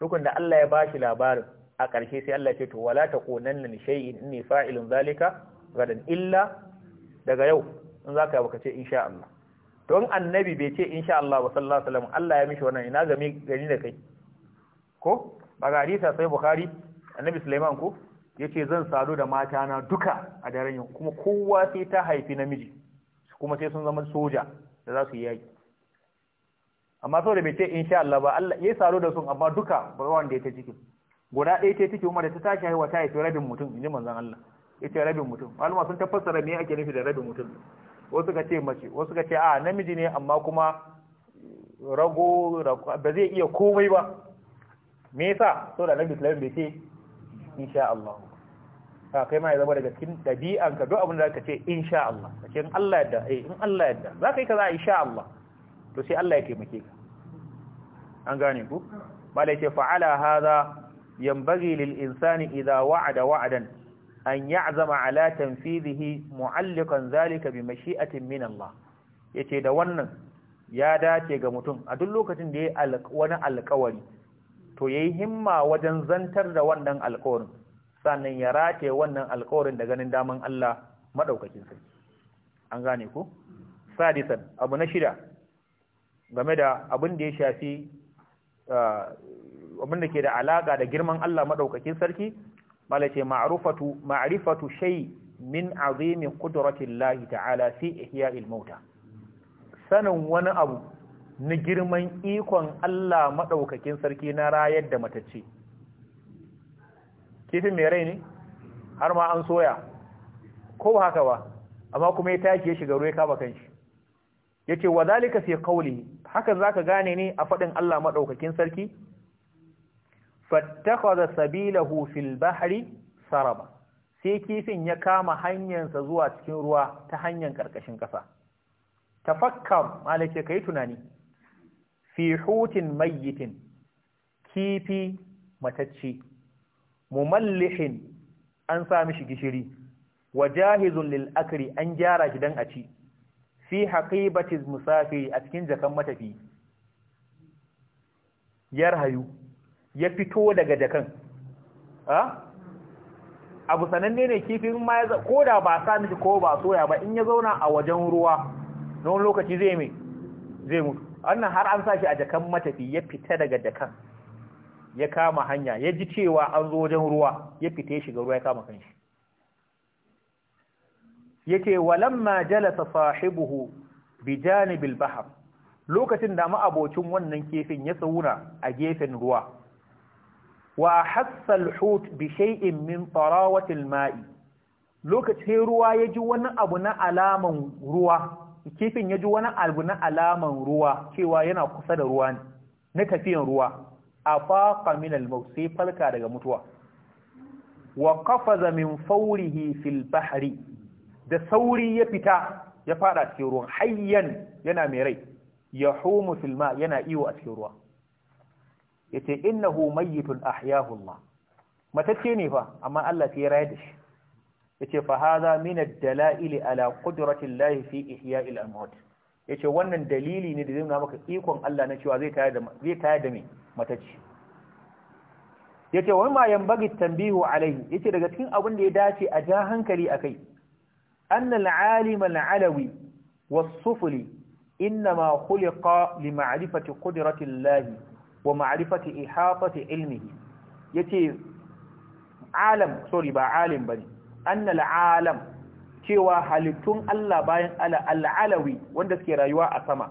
tukun da Allah ya shi labarin a ƙarshe sai Allah ce to wala ta ƙonan nan shay'in inni fa’ilin zalika gadan illa daga yau in za ka yi baka in insha Allah to annabi bai ce insha Allah wa sallallahu alaihi wasallam Allah ya mishi wannan ina gami gani da kai ko ba ga hadisa sai bukhari annabi Sulaiman ko yace zan sadu da mata na duka a daren yau kuma kowa sai ta haifi namiji kuma sai sun zama soja da za su yi yaki amma saboda bai ce sha Allah ba Allah ya saro da sun amma duka ba wanda ya ta cikin guda ɗaya ta cikin kuma da ta tashi haihuwa ta haifi rabin mutum inji manzon Allah yace rabin mutum malama sun tafassara me ake nufi da rabin mutum wasu ka ce mace wasu ka ce a namiji ne amma kuma rago ba zai iya komai ba me yasa saboda nabi sallallahu bai ce insha Allah ka kai ma ya zama daga cikin ka duk abin da zaka ce insha Allah kace in Allah yadda eh in Allah yadda zaka yi kaza insha Allah to sai Allah ya taimake ka an gane ku malai ce fa'ala hadha yanbaghi lil insani idha wa'ada wa'dan an ya'zama ala tanfidhihi mu'alliqan zalika bi mashi'atin min Allah yace da wannan ya dace ga mutum a duk lokacin da yayi wani alƙawari to yayi himma wajen zantar da wannan alƙawarin sannan ya rataye wannan alƙawarin da ganin daman Allah madaukakin sarki an gane ku sadisan abu na shida game da abin da ya shafi ah, abin da ke da alaƙa da girman Allah maɗaukakin sarki malace ma'rufatu ma'rifatu shay min azimi qudratillahi ta'ala fi ihya'il mauta sanin wani abu na girman ikon Allah maɗaukakin sarki na rayar da matacce kifin mai rai ne har ma an soya ko haka ba amma kuma ya tashi ya shiga ruwa ya kaba kanshi yace wa zalika fi qawlihi hakan ka gane ne a faɗin Allah maɗaukakin sarki fattakhadha sabilahu fil bahri saraba sai kifin ya kama hanyarsa zuwa cikin ruwa ta hanyar ƙarƙashin ƙasa. ta tafakkar malake yi tunani fi hutin mayyitin kifi matacci mumallihin an sami shi gishiri wa jahizun lil'akari an gyara shi don a ci fi haqibatiz musafiri a cikin jakan matafi yar hayu ya fito daga jakan a abu sananne ne kifin ma ya ko da ba sa miki ko ba soya ba in ya zauna a wajen ruwa na wani lokaci zai mai zai mutu wannan har an sa shi a jakan matafi ya fita daga jakan ya kama hanya ya ji cewa an zo wajen ruwa ya fita ya shiga ruwa ya kama kanshi yace walamma jalasa sahibuhu bi janibil bahr lokacin da ma'abocin wannan kefin ya sauna a gefen ruwa wa hassa al-hut bi shay'in min tarawati al-ma'i lokacin ruwa ya ji wani abu na alaman ruwa kifin ya ji wani abu na alaman ruwa cewa yana kusa da ruwa na tafiyan ruwa afaqa min al sai falka daga mutuwa wa qafaza min fawrihi fil bahri da sauri ya fita ya fada cikin ruwan hayyan yana mai rai ya homo filma yana iyo a cikin ruwa ya ce innahu mayyitun ahyahu Allah matacce ne fa amma Allah sai ya da shi ya ce fa haza min dalaili ala qudratin lahi fi ihya'il amwat ya ce wannan dalili ne da zai maka ikon Allah na cewa zai tayar da zai tayar matacce ya ce wa ma yanbaghi alaihi ya ce daga cikin abin da ya dace a ja hankali kai. أن العالم العلوي والسفلي إنما خلق لمعرفة قدرة الله ومعرفة إحاطة علمه يتي عالم سوري با عالم بني أن العالم cewa halittun Allah bayan al'alawi wanda suke rayuwa a sama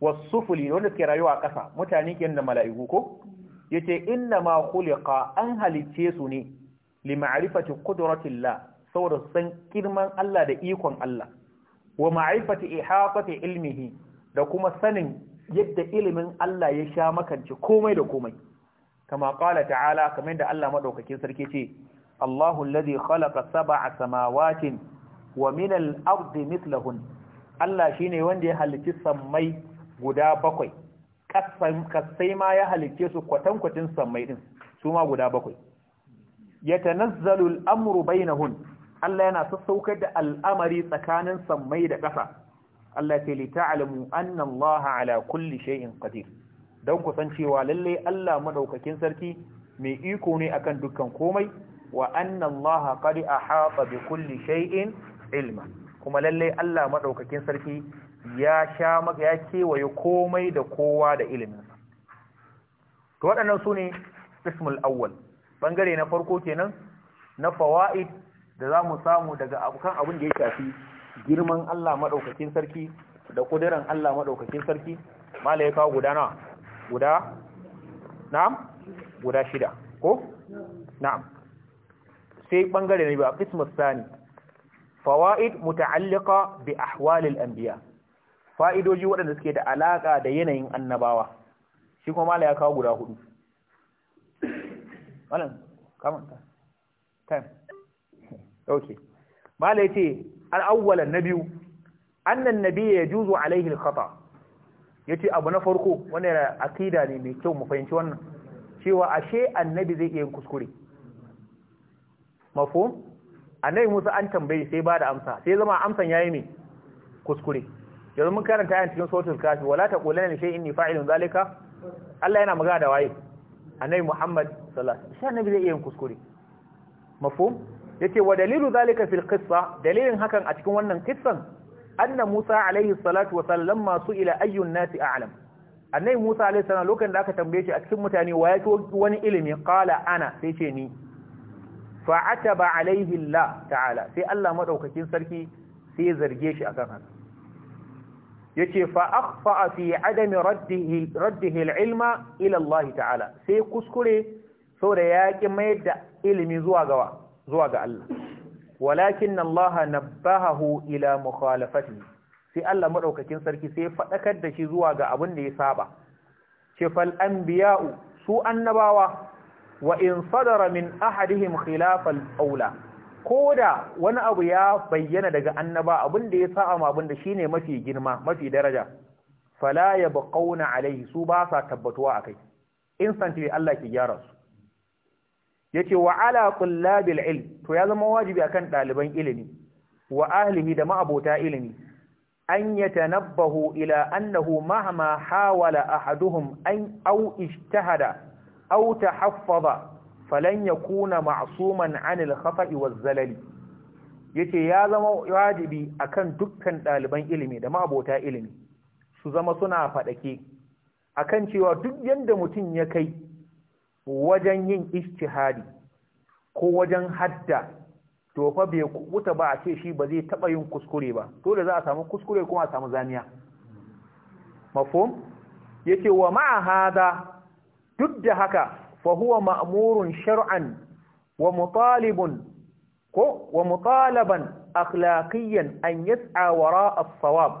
wasufuli wanda suke rayuwa a ƙasa mutane ke da mala'iku ko yace inna ma khuliqa an halice su ne li ma'rifati qudratillah saboda san girman Allah da ikon Allah wa ma'rifati ihafati ilmihi da kuma sanin yadda ilimin Allah ya sha makance komai da komai kama qala ta'ala kamar da Allah madaukakin sarki ce Allahu alladhi khalaqa sab'a samawati wa min al-ardi mithlahun Allah shine wanda ya halicci samai guda bakwai kasai ma ya halicce su kwatankwatin sammai din su ma guda bakwai yatanazzalu al-amru bainahun Allah yana sassaukar da al'amari tsakanin sammai da ƙasa Allah ce li ta'lamu anna Allah ala kulli shay'in qadir don ku san cewa lalle Allah maɗaukakin sarki mai iko ne akan dukkan komai wa anna Allah qad ahata bi kulli shay'in ilma kuma lalle Allah maɗaukakin sarki ya sha maka ya kewaye komai da kowa da iliminsa waɗannan su ne ismul awwal bangare na farko kenan na fawaid da za mu samu daga abokan abin da ya shafi girman Allah maɗaukakin sarki da ƙudurin Allah maɗaukakin sarki mala ya kawo guda na guda na'am guda shida ko na'am sai ɓangare na biyu a ismus sani fawa'id muta'allika bi ahwalil anbiya fa'idoji waɗanda suke da alaƙa da yanayin annabawa shi kuma mala ya kawo guda hudu malam kamanta time okay mala ya ce awwala na biyu annan ya juzo alaihi al ya ce abu na farko wannan akida ne mai kyau mu fahimci wannan cewa ashe annabi zai iya kuskure mafhum annabi Musa an tambaye sai ba da amsa sai zama amsan yayi mai kuskure yanzu mun karanta ayan cikin suratul kafi wala taqulanna li shay'in ni fa'ilun zalika Allah yana magana da waye annabi Muhammad sallallahu alaihi wasallam shi annabi zai iya kuskure mafhum yace wa dalilu zalika fil qissa dalilin hakan a cikin wannan kissan anna Musa alaihi salatu wasallam ma ila ayyun nasi a'lam annai Musa alaihi salam lokacin da aka tambaye shi a cikin mutane wa yake wani ilimi qala ana sai ce ni fa ataba alaihi Allah ta'ala sai Allah madaukakin sarki sai zarge shi akan haka yace fa akhfa fi adam raddihi raddihi al-ilma ila Allah ta'ala sai kuskure saboda yaƙi mayar da ilimi zuwa gawa zuwa ga Allah walakin Allah nabbahahu ila mukhalafati sai Allah maɗaukakin sarki sai faɗakar da shi zuwa ga abin da ya saba ce fal anbiya'u su annabawa wa in sadara min ahadihim khilafal aula Ko da wani abu ya bayyana daga annaba abin da ya sa'a ma abin da ne mafi girma mafi daraja fala ya yabqauna alaihi su ba sa tabbatuwa akai instantly Allah ke gyara su yace wa ala tullabil ilm to ya zama wajibi akan ɗaliban ilimi wa da ma'abota ilimi an yatanabbahu ila annahu mahma hawala ahaduhum an aw ijtahada aw tahaffaza falan yakuna ma'suman 'anil khata'i waz zalali yace ya zama wajibi akan dukkan ɗaliban ilimi da ma'abota ilimi su zama suna faɗake akan cewa duk yanda mutum ya kai wajen yin istihadi ko wajen hadda to fa bai kubuta ba a ce shi ba zai taba yin kuskure ba dole za a samu kuskure kuma a samu zamiya mafhum yace wa ma'a hada duk da haka fa huwa ma'murun shar'an wa mutalibun ko wa mutalaban akhlaqiyan an yas'a wara as-sawab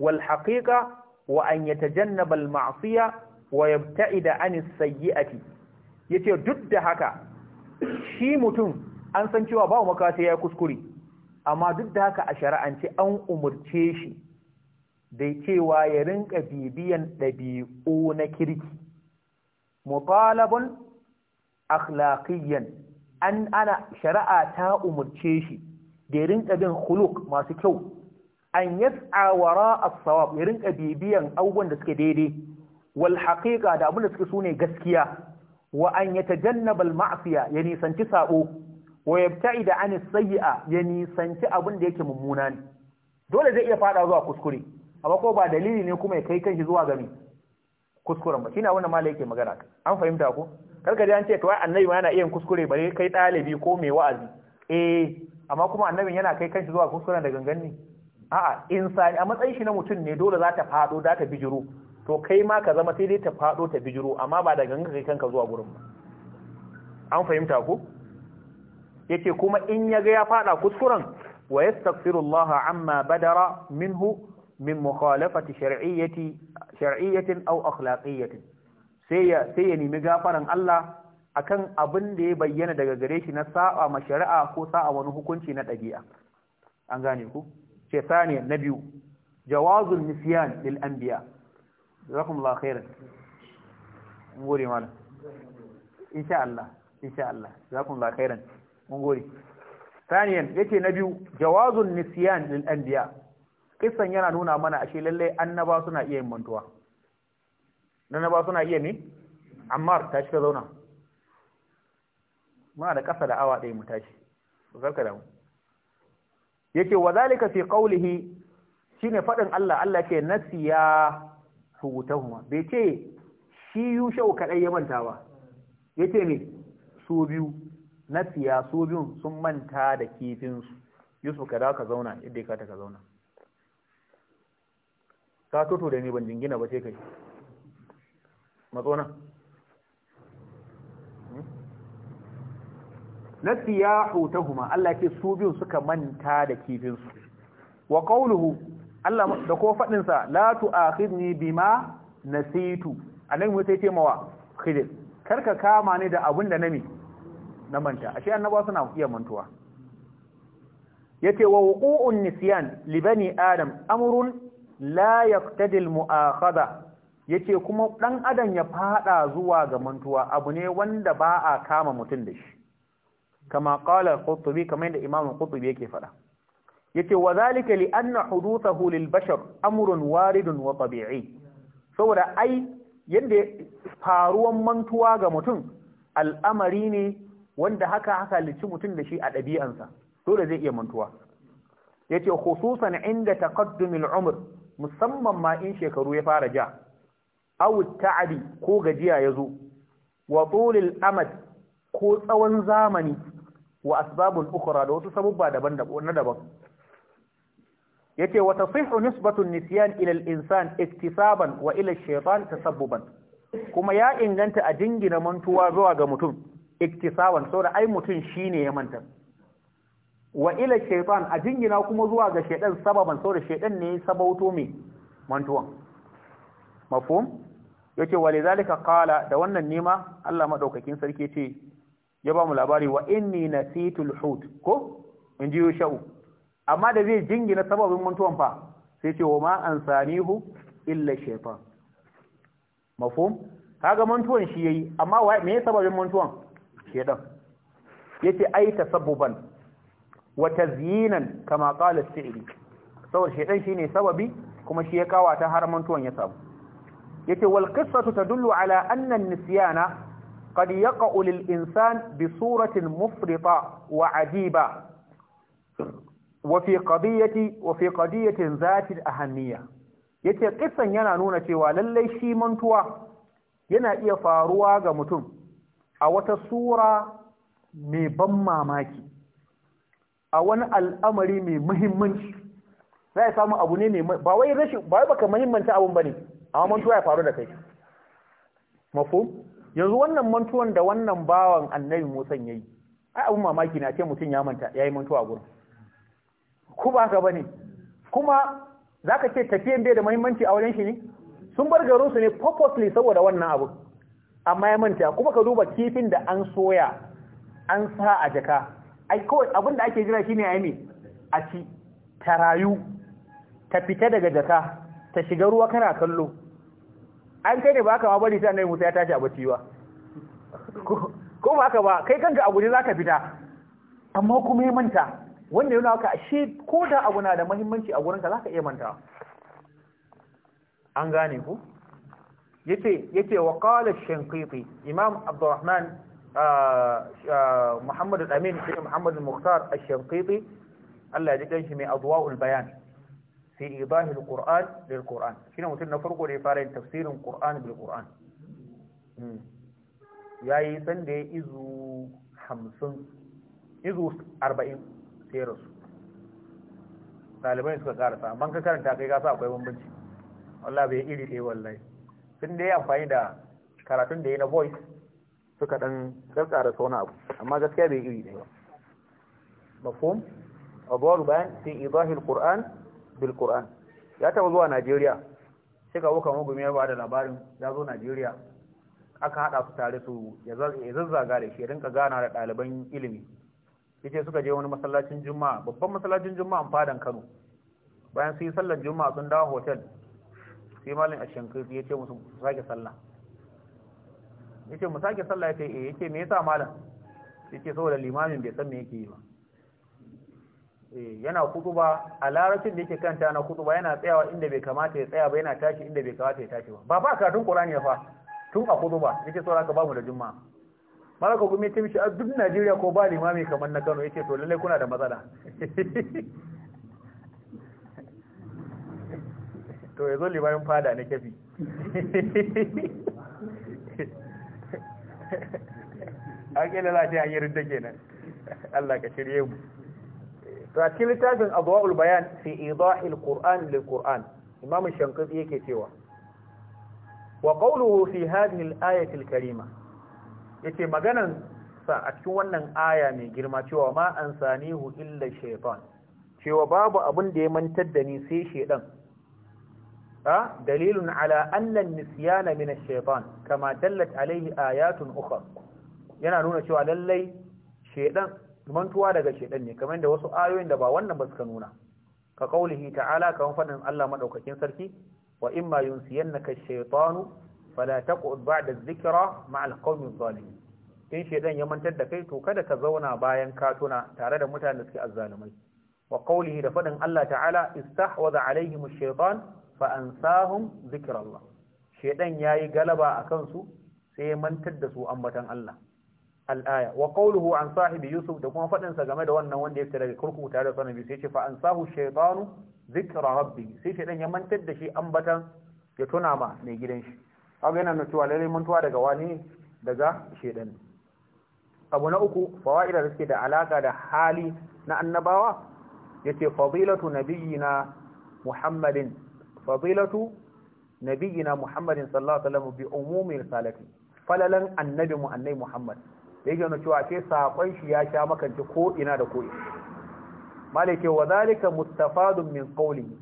wal haqiqa wa an yatajannaba al-ma'siyah wa yabta'ida 'ani as-sayyi'ati ya ce duk da haka shi mutum an san cewa ba makawa sai ya kuskure amma duk da haka a shari'ance an umarce shi da cewa ya rinka bibiyan ɗabi'u na kirki mutalabun akhlaqiyan an ana shari'a ta umarce shi da ya rinka bin khuluq masu kyau an yas'a wara as-sawab ya rinka bibiyan abubuwan da suke daidai wal haqiqa da abin da suke sune gaskiya wa an ta Jannabal masiya ya nisanci sabo wa yabta'ida an as ya nisanci abin da yake mummuna ne dole zai iya fada zuwa kuskure amma ko ba dalili ne kuma ya kai shi zuwa gami. kuskuren ba na wannan malai yake magana an fahimta ko karka ji an ce kawai annabi ma yana iya kuskure bare kai ɗalibi ko mai wa'azi eh amma kuma annabin yana kai shi zuwa kuskuren da gangan ne a'a insani a matsayin shi na mutum ne dole za ta faɗo za ta bijiro to kai ma ka zama sai dai ta fado ta bijiro amma ba da ganga kai kanka zuwa gurin ba an fahimta ko yace kuma in ya ga ya faɗa kuskuren wa yastaghfirullah amma badara minhu min mukhalafati shar'iyyati shar'iyyatin aw akhlaqiyyatin sai ya sai ya nemi gafaran Allah akan abin da ya bayyana daga gare shi na sa'a ma shari'a ko sa'a wani hukunci na ɗabi'a an gane ku ce saniya na biyu jawazul nisyan lil anbiya jazakumullahu khairan mun gode malam insha Allah insha Allah jazakumullahu khairan mun gode ثانيا yace na biyu jawazun nisyan lil anbiya Kisan yana nuna mana ashe lalle annaba suna iya yin mantuwa annaba suna iya ne ammar tashi ka zauna muna da kasa da awa ɗaya mu tashi zarka da mu yace wa zalika fi qawlihi shine fadin Allah Allah ke nasiya huma bai ce shi yushau kaɗai ya manta ba ya ce ne su biyu na siya su biyun sun manta da kifinsu yusuf ka ka zauna yadda ya kata ka zauna ka toto da ni ban jingina ba ce kai matsona hmm? na siya huma Allah ce su biyun suka manta da kifinsu wa kauluhu Allah da ko fadin sa la tu'akhidni bima nasitu annabi Musa yace mawa khidir karka kama ni da abin da nami na manta ashe annabawa suna iya mantuwa yace wa wuqu'un nisyan li bani adam amrun la yaqtadi al mu'akhadha yace kuma dan adam ya fada zuwa ga mantuwa abu ne wanda ba a kama mutun da shi kama qala qutbi kamar da imamu qutbi yake fada yace ce zalika li anna huduthahu lil bashar amrun waridun wa tabi'i saboda ai yadda faruwan mantuwa ga mutum al'amari ne wanda haka haka lici mutum da shi a ɗabi'ansa dole zai iya mantuwa yace khususan inda taqaddumil umr musamman ma in shekaru ya fara ja aw ta'adi ko gajiya yazo wa tulil amad ko tsawon zamani wa asbabun ukhra da wasu sabubba daban-daban yace wa tasihu nisbatu nisyan ila al-insan iktisaban wa ila ash-shaytan tasabbuban kuma ya inganta a jingina mantuwa zuwa ga mutum iktisaban saboda ai mutum shine ya manta wa ila shaytan a jingina kuma zuwa ga shaydan sababan saboda shaydan ne sabauto mai mantuwan mafhum yace walizalika qala da wannan nima Allah madaukakin sarki yace ya ba mu labari wa inni nasitul hut ko inji yushau amma da zai jingina sababin mantuwan fa sai ce wa ma an ansanihu illa shaytan mafhum kaga mantuwan shi yayi amma me sababin mantuwan shedan yace ai tasabbuban wa tazyinan kama qala as-sa'idi saboda shedan shine sababi kuma shi ya kawata har mantuwan ya samu yace wal qissatu tadullu ala anna an-nisyana qad yaqa'u lil-insan bi suratin mufrita wa ajiba wafi qadiyati wafi qadiyatin zati ahammiya yace kissan yana nuna cewa lallai shi mantuwa yana iya faruwa ga mutum a wata sura mai ban mamaki a wani al'amari mai muhimmanci za ya samu abu ne mai ba wai rashin ba wai baka muhimmanci abun bane amma mantuwa ya faru da kai mafhum yanzu wannan mantuwan da wannan bawan annabi Musa yayi ai abun mamaki na ce mutum ya manta yayi mantuwa gurin ku ba ka bane kuma ka ce tafiyan bai da muhimmanci a wajen shi ne sun bar garin su ne purposely saboda wannan abu amma ya manta kuma ka duba kifin da an soya an sa a jaka ai kawai abin da ake jira ne ai me a ci ta rayu ta fita daga jaka ta shiga ruwa kana kallo an kai ne ba ka ma bari sai annabi Musa ya tashi a bacci ba ko ba ka ba kai kanka abu ne ka fita amma kuma ya manta wanda yana ka ashe ko da abu na da muhimmanci a gurinka za ka iya manta an gane ku Ya ce wa qala shinqiti imam abdurrahman ah, ah, muhammad al-amin sai muhammad al-mukhtar al Allah ya ji shi mai adwaul bayan fi idah al-quran ƙuran quran shine mutum na farko da ya fara yin tafsirin quran bil ƙuran hmm. Ya yi sanda ya izu 50 izu arba'in. sai rasu ɗaliban suka karasa amma ka karanta kai kasa akwai bambanci wallahi bai iri ɗaya wallahi sun dai amfani da karatun da ya na voice suka ɗan karkara sauna abu amma gaskiya bai iri ɗaya mafhum abuwar bayan fi izahil qur'an bil qur'an ya taɓa zuwa najeriya sai ka wuka mugumi ya ba da labarin ya zo najeriya aka haɗa su tare su ya zazzaga da shi ya rinka gana da ɗaliban ilimi yace suka je wani masallacin juma'a babban masallacin juma'a fadan Kano bayan su yi sallar juma'a sun dawo hotel sai malin ya yace musu sake sallah yace mu sake sallah yace eh yace me yasa malam yace saboda limamin bai san me yake yi ba eh, yana kutuba a larabcin da yake kanta na kutuba yana tsayawa inda bai kamata ya tsaya ba yana tashi inda bai kamata ya tashi ba ba ba karatun Qur'ani ya fa tun a kutuba yake saboda ka bamu da juma'a malaka kuma ya ce a ah, duk najeriya ko ba limami kamar na kano ya ce to lallai kuna da matsala *laughs* to ya zo limamin fada na kafi *laughs* an ƙila lafiya an yi rinda kenan Allah ka shirye mu to a cikin littafin adwa'ul bayan fi idahil qur'an lil qur'an imam shankiti yake cewa wa qawluhu fi hadhihi al karima yake maganan sa a cikin wannan aya mai girma cewa ma ansanihu illa shaytan cewa babu abun da ya mantar da ni sai shaydan a dalilun ala anna nisyana min ash-shaytan kama dallat alayhi ayatun ukhra yana nuna cewa lallai shaydan mantuwa daga shaydan ne kamar da wasu ayoyin da ba wannan ba suka nuna ka kaulihi ta'ala kamar fadin Allah madaukakin sarki wa imma yunsiyannaka ash-shaytanu fala taqud ba'da dhikra ma'al qawmi zalimin in shedan ya mantar da kai to kada ka zauna bayan ka tuna tare da mutanen da suke azzalumai wa qawlihi da fadin Allah ta'ala istahwaza alaihim ash-shaytan fa ansahum dhikra Allah shedan yayi galaba akan su sai ya mantar da su ambatan Allah al-aya wa qawluhu an sahibi yusuf da kuma fadin sa game da wannan wanda ya fita daga kurkuku tare da sanabi sai ya ce fa ansahu ash-shaytanu dhikra rabbi sai shedan ya mantar da shi ambatan ya tuna ma mai gidan shi kaga yana nuna cewa lalle mantuwa daga wani daga shedan abu na uku fawaida da suke da alaka da hali na annabawa yace fadilatu nabiyina muhammadin fadilatu nabiyina muhammadin sallallahu alaihi wasallam bi umumi risalati falalan annabi mu annabi muhammad yake nuna cewa sai sakon shi ya sha makanci ko ina da ko ina malike wa zalika mustafadun min qawlihi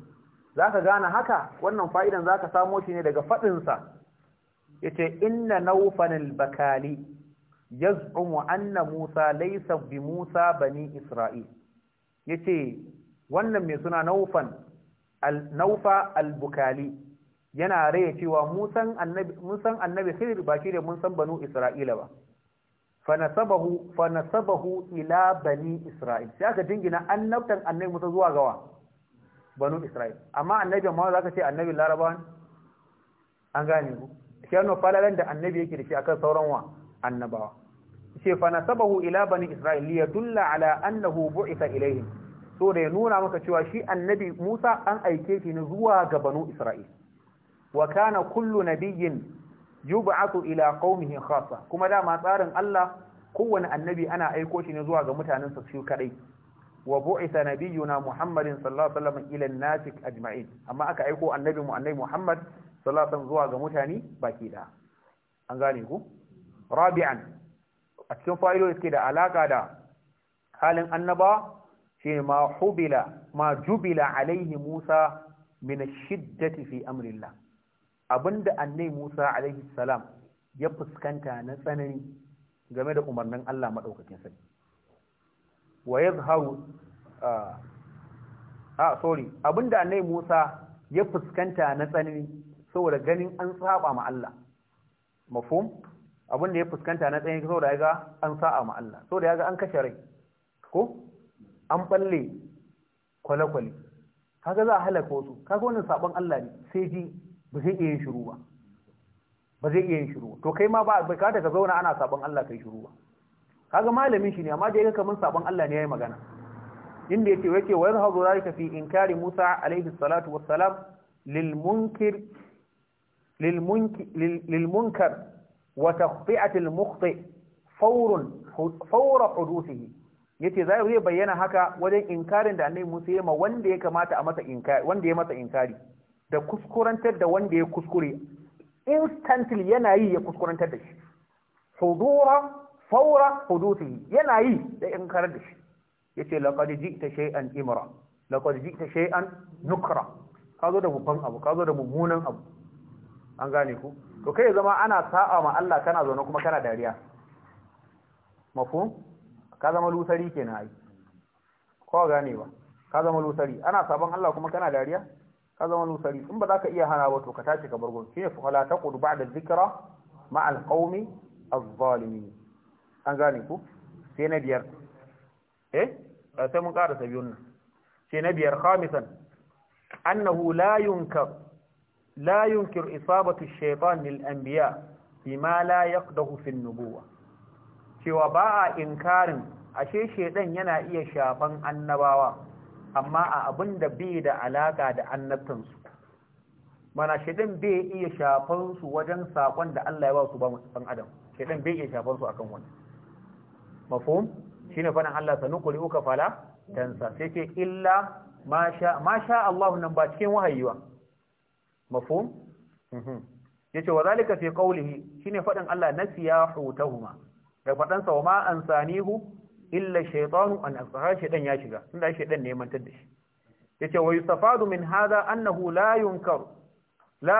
zaka gane haka wannan fa'idan zaka samo shi ne daga fadin sa yace inna naufan al-bakali yaz'umu anna musa laysa bi musa bani isra'il yace wannan mai suna naufan al-naufa al yana raya cewa musan annabi musan annabi khidir baki da mun san banu isra'ila ba fanasabahu fanasabahu ila bani isra'il sai aka jingina annabtan annabi musa zuwa gawa banu isra'il amma annabi amma zaka ce annabi larabawan an gane ku Kyano nuna falalan da annabi yake da shi akan sauran wa annabawa ce fa nasabahu ila bani isra'il dulla yadulla ala annahu bu'itha ilayhim so da ya nuna maka cewa shi annabi Musa an aike shi ne zuwa ga banu isra'il wa kana kullu nabiyyin yub'athu ila qaumihi khassa kuma dama tsarin Allah kowane annabi ana aiko shi ne zuwa ga mutanensa su kadai wa bu'itha nabiyyuna muhammadin sallallahu alaihi wasallam ila an-nas ajma'in amma aka aiko annabi mu annabi muhammad sallallahu zuwa ga mutane baki da an gane ku rabi'an a cikin fa'idoyi suke da alaka da halin annaba shine ma hubila ma jubila alaihi Musa min shiddati fi amrillah abinda annai Musa alaihi salam ya fuskanta na tsanani game da umarnin Allah madaukakin sarki wa yazharu ah, ah sorry abinda annai Musa ya fuskanta na tsanani saboda ganin an saba ma Allah mafhum abin da ya fuskanta na tsayin saboda ya ga an sa'a ma Allah saboda ya ga an kashe rai ko an balle kwale-kwale kaga za a halaka wasu kaga wannan sabon Allah ne sai ji ba zai iya yin shiru ba ba zai iya yin shiru to kai ma ba ba ka daga zauna ana sabon Allah kai shiru ba kaga malamin shi ne amma da yake kaman sabon Allah ne yayi magana inda yake yake wa yadhhabu zalika fi inkari Musa alaihi salatu wassalam lil munkir للمنكر وتخطئة المخطئ فور فور حدوثه yace zai zai bayyana haka wajen inkarin da annabi Musa ya ma wanda ya kamata a masa inkari wanda ya masa inkari da kuskurantar da wanda ya kuskure instantly yana yi ya kuskurantar da shi hudura faura huduthihi yana yi da inkarar da shi yace laqad ji'ta shay'an imra laqad ji'ta shay'an nukra kazo da babban abu zo da mummunan abu an gane ku to kai zama ana sa'a ma Allah kana zaune kuma kana dariya mafhum ka zama lusari kenan ai ko gane ba ka zama lusari ana saban Allah kuma kana dariya ka zama lusari in ba za ka iya hana ba to ka tashi ka bargon shine fa la taqud ba'da dhikra ma alqaumi adh-dhalimin an gane ku sai na biyar eh sai mun ƙara biyun nan sai na biyar khamisan annahu la yunkar la ينكر إصابة الشيطان للأنبياء anbiya لا la في النبوة nubuwa cewa ba a inkarin ashe إيا yana iya shafan annabawa amma a abin da bai da alaka da annabtansu mana shaitan bai iya shafan su wajen sakon da Allah ya ba su ba mutan adam shaitan bai iya shafan su akan wani. mafhum shine fadin Allah sanukuri uka fala dan sa sai ce illa ma sha ma Allah nan ba cikin wahayi Mhm. Ya ce wa zalika fi Shi shine faɗin Allah na siya hutahuma da faɗansa sa wa ma ansanihu illa shaytanu an asara ya shiga inda shaydan ne mantar da Ya ce wa yustafadu min haza? annahu la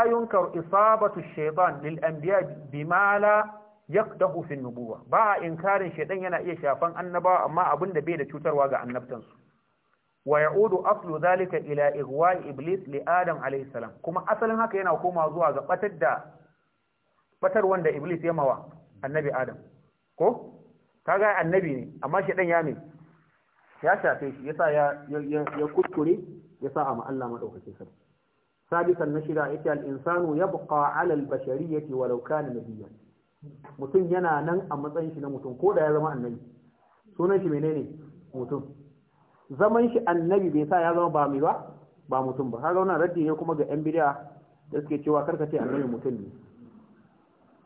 yunkar isabatu shaitan, shaytan lil anbiya Bimala, la yaqdahu fi an-nubuwah ba inkarin shaydan yana iya shafan annabawa amma abinda bai da cutarwa ga annabtansu wa ya'udu aslu zalika ila igwa iblis li adam alayhi salam kuma asalin haka yana koma zuwa ga batar da batar wanda iblis ya mawa annabi adam ko kaga annabi ne amma dan ya ne ya shafe shi yasa ya ya kuskure yasa amma Allah madaukakin sa sabisan na shida yake al-insanu yabqa ala al-bashariyati walau kana nabiyyan mutum yana nan a matsayin shi na mutum ko da ya zama annabi sunan shi menene mutum zaman shi annabi bai sa ya zama ba mai ba ba mutum ba har wannan raddi ne kuma ga yan bid'a da suke cewa karka ce annabi mutum ne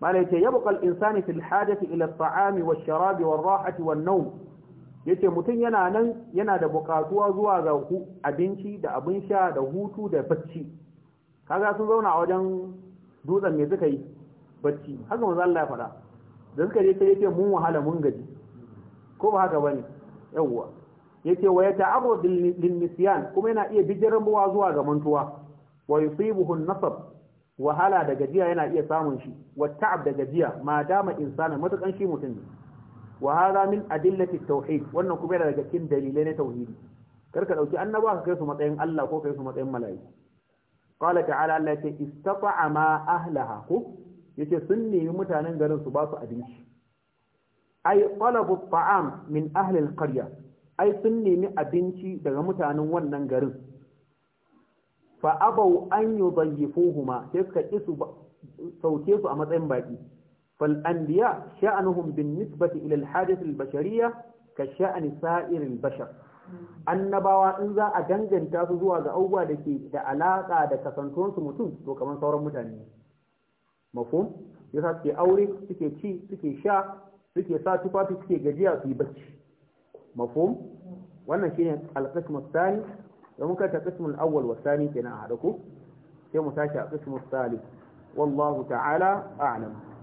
mala yace ya al insani fil hadati ila at-ta'ami wash-sharabi war-rahati wan-nawm yace mutum yana nan yana da bukatuwa zuwa ga abinci da abin sha da hutu da bacci kaga sun zauna a wajen dutsen me suka yi bacci haka manzo Allah ya faɗa da suka je sai yace mun wahala mun gaji ko ba haka bane yawwa yace wa yata'arrad lin nisyan kuma yana iya bijiran buwa zuwa ga mantuwa wa yusibuhu an-nasab wahala da gajiya yana iya samun shi wa ta'ab da gajiya ma dama insana matukan shi mutum ne wa hadha min adillati tauhid wannan kuma yana daga cikin dalilai na tauhidi karka dauki annabawa ka kai su matsayin Allah ko kai su matsayin mala'iku qala ta'ala Allah istata'a ma ahlaha ku yace sun nemi mutanen garin su ba su abinci ay talabu ta'am min ahli al ai sun nemi abinci daga mutanen wannan garin fa abau an yudayyifuhuma sai suka ki su sauke su a matsayin baƙi. fal anbiya sha'anuhum bin nisbati ila al hadith al bashariyya ka sha'ani sa'ir al bashar annabawa in za a danganta su zuwa ga abubuwa da ke da alaka da kasantuwan su mutum to kamar sauran mutane mafhum yasa suke aure suke ci suke sha suke sa tufafi suke gajiya su yi bacci mafhum wannan shine al-qismu tsani da muka ta qismu al-awwal wa tsani kenan a hada ku sai mu tashi a qismu tsali wallahu ta'ala a'lam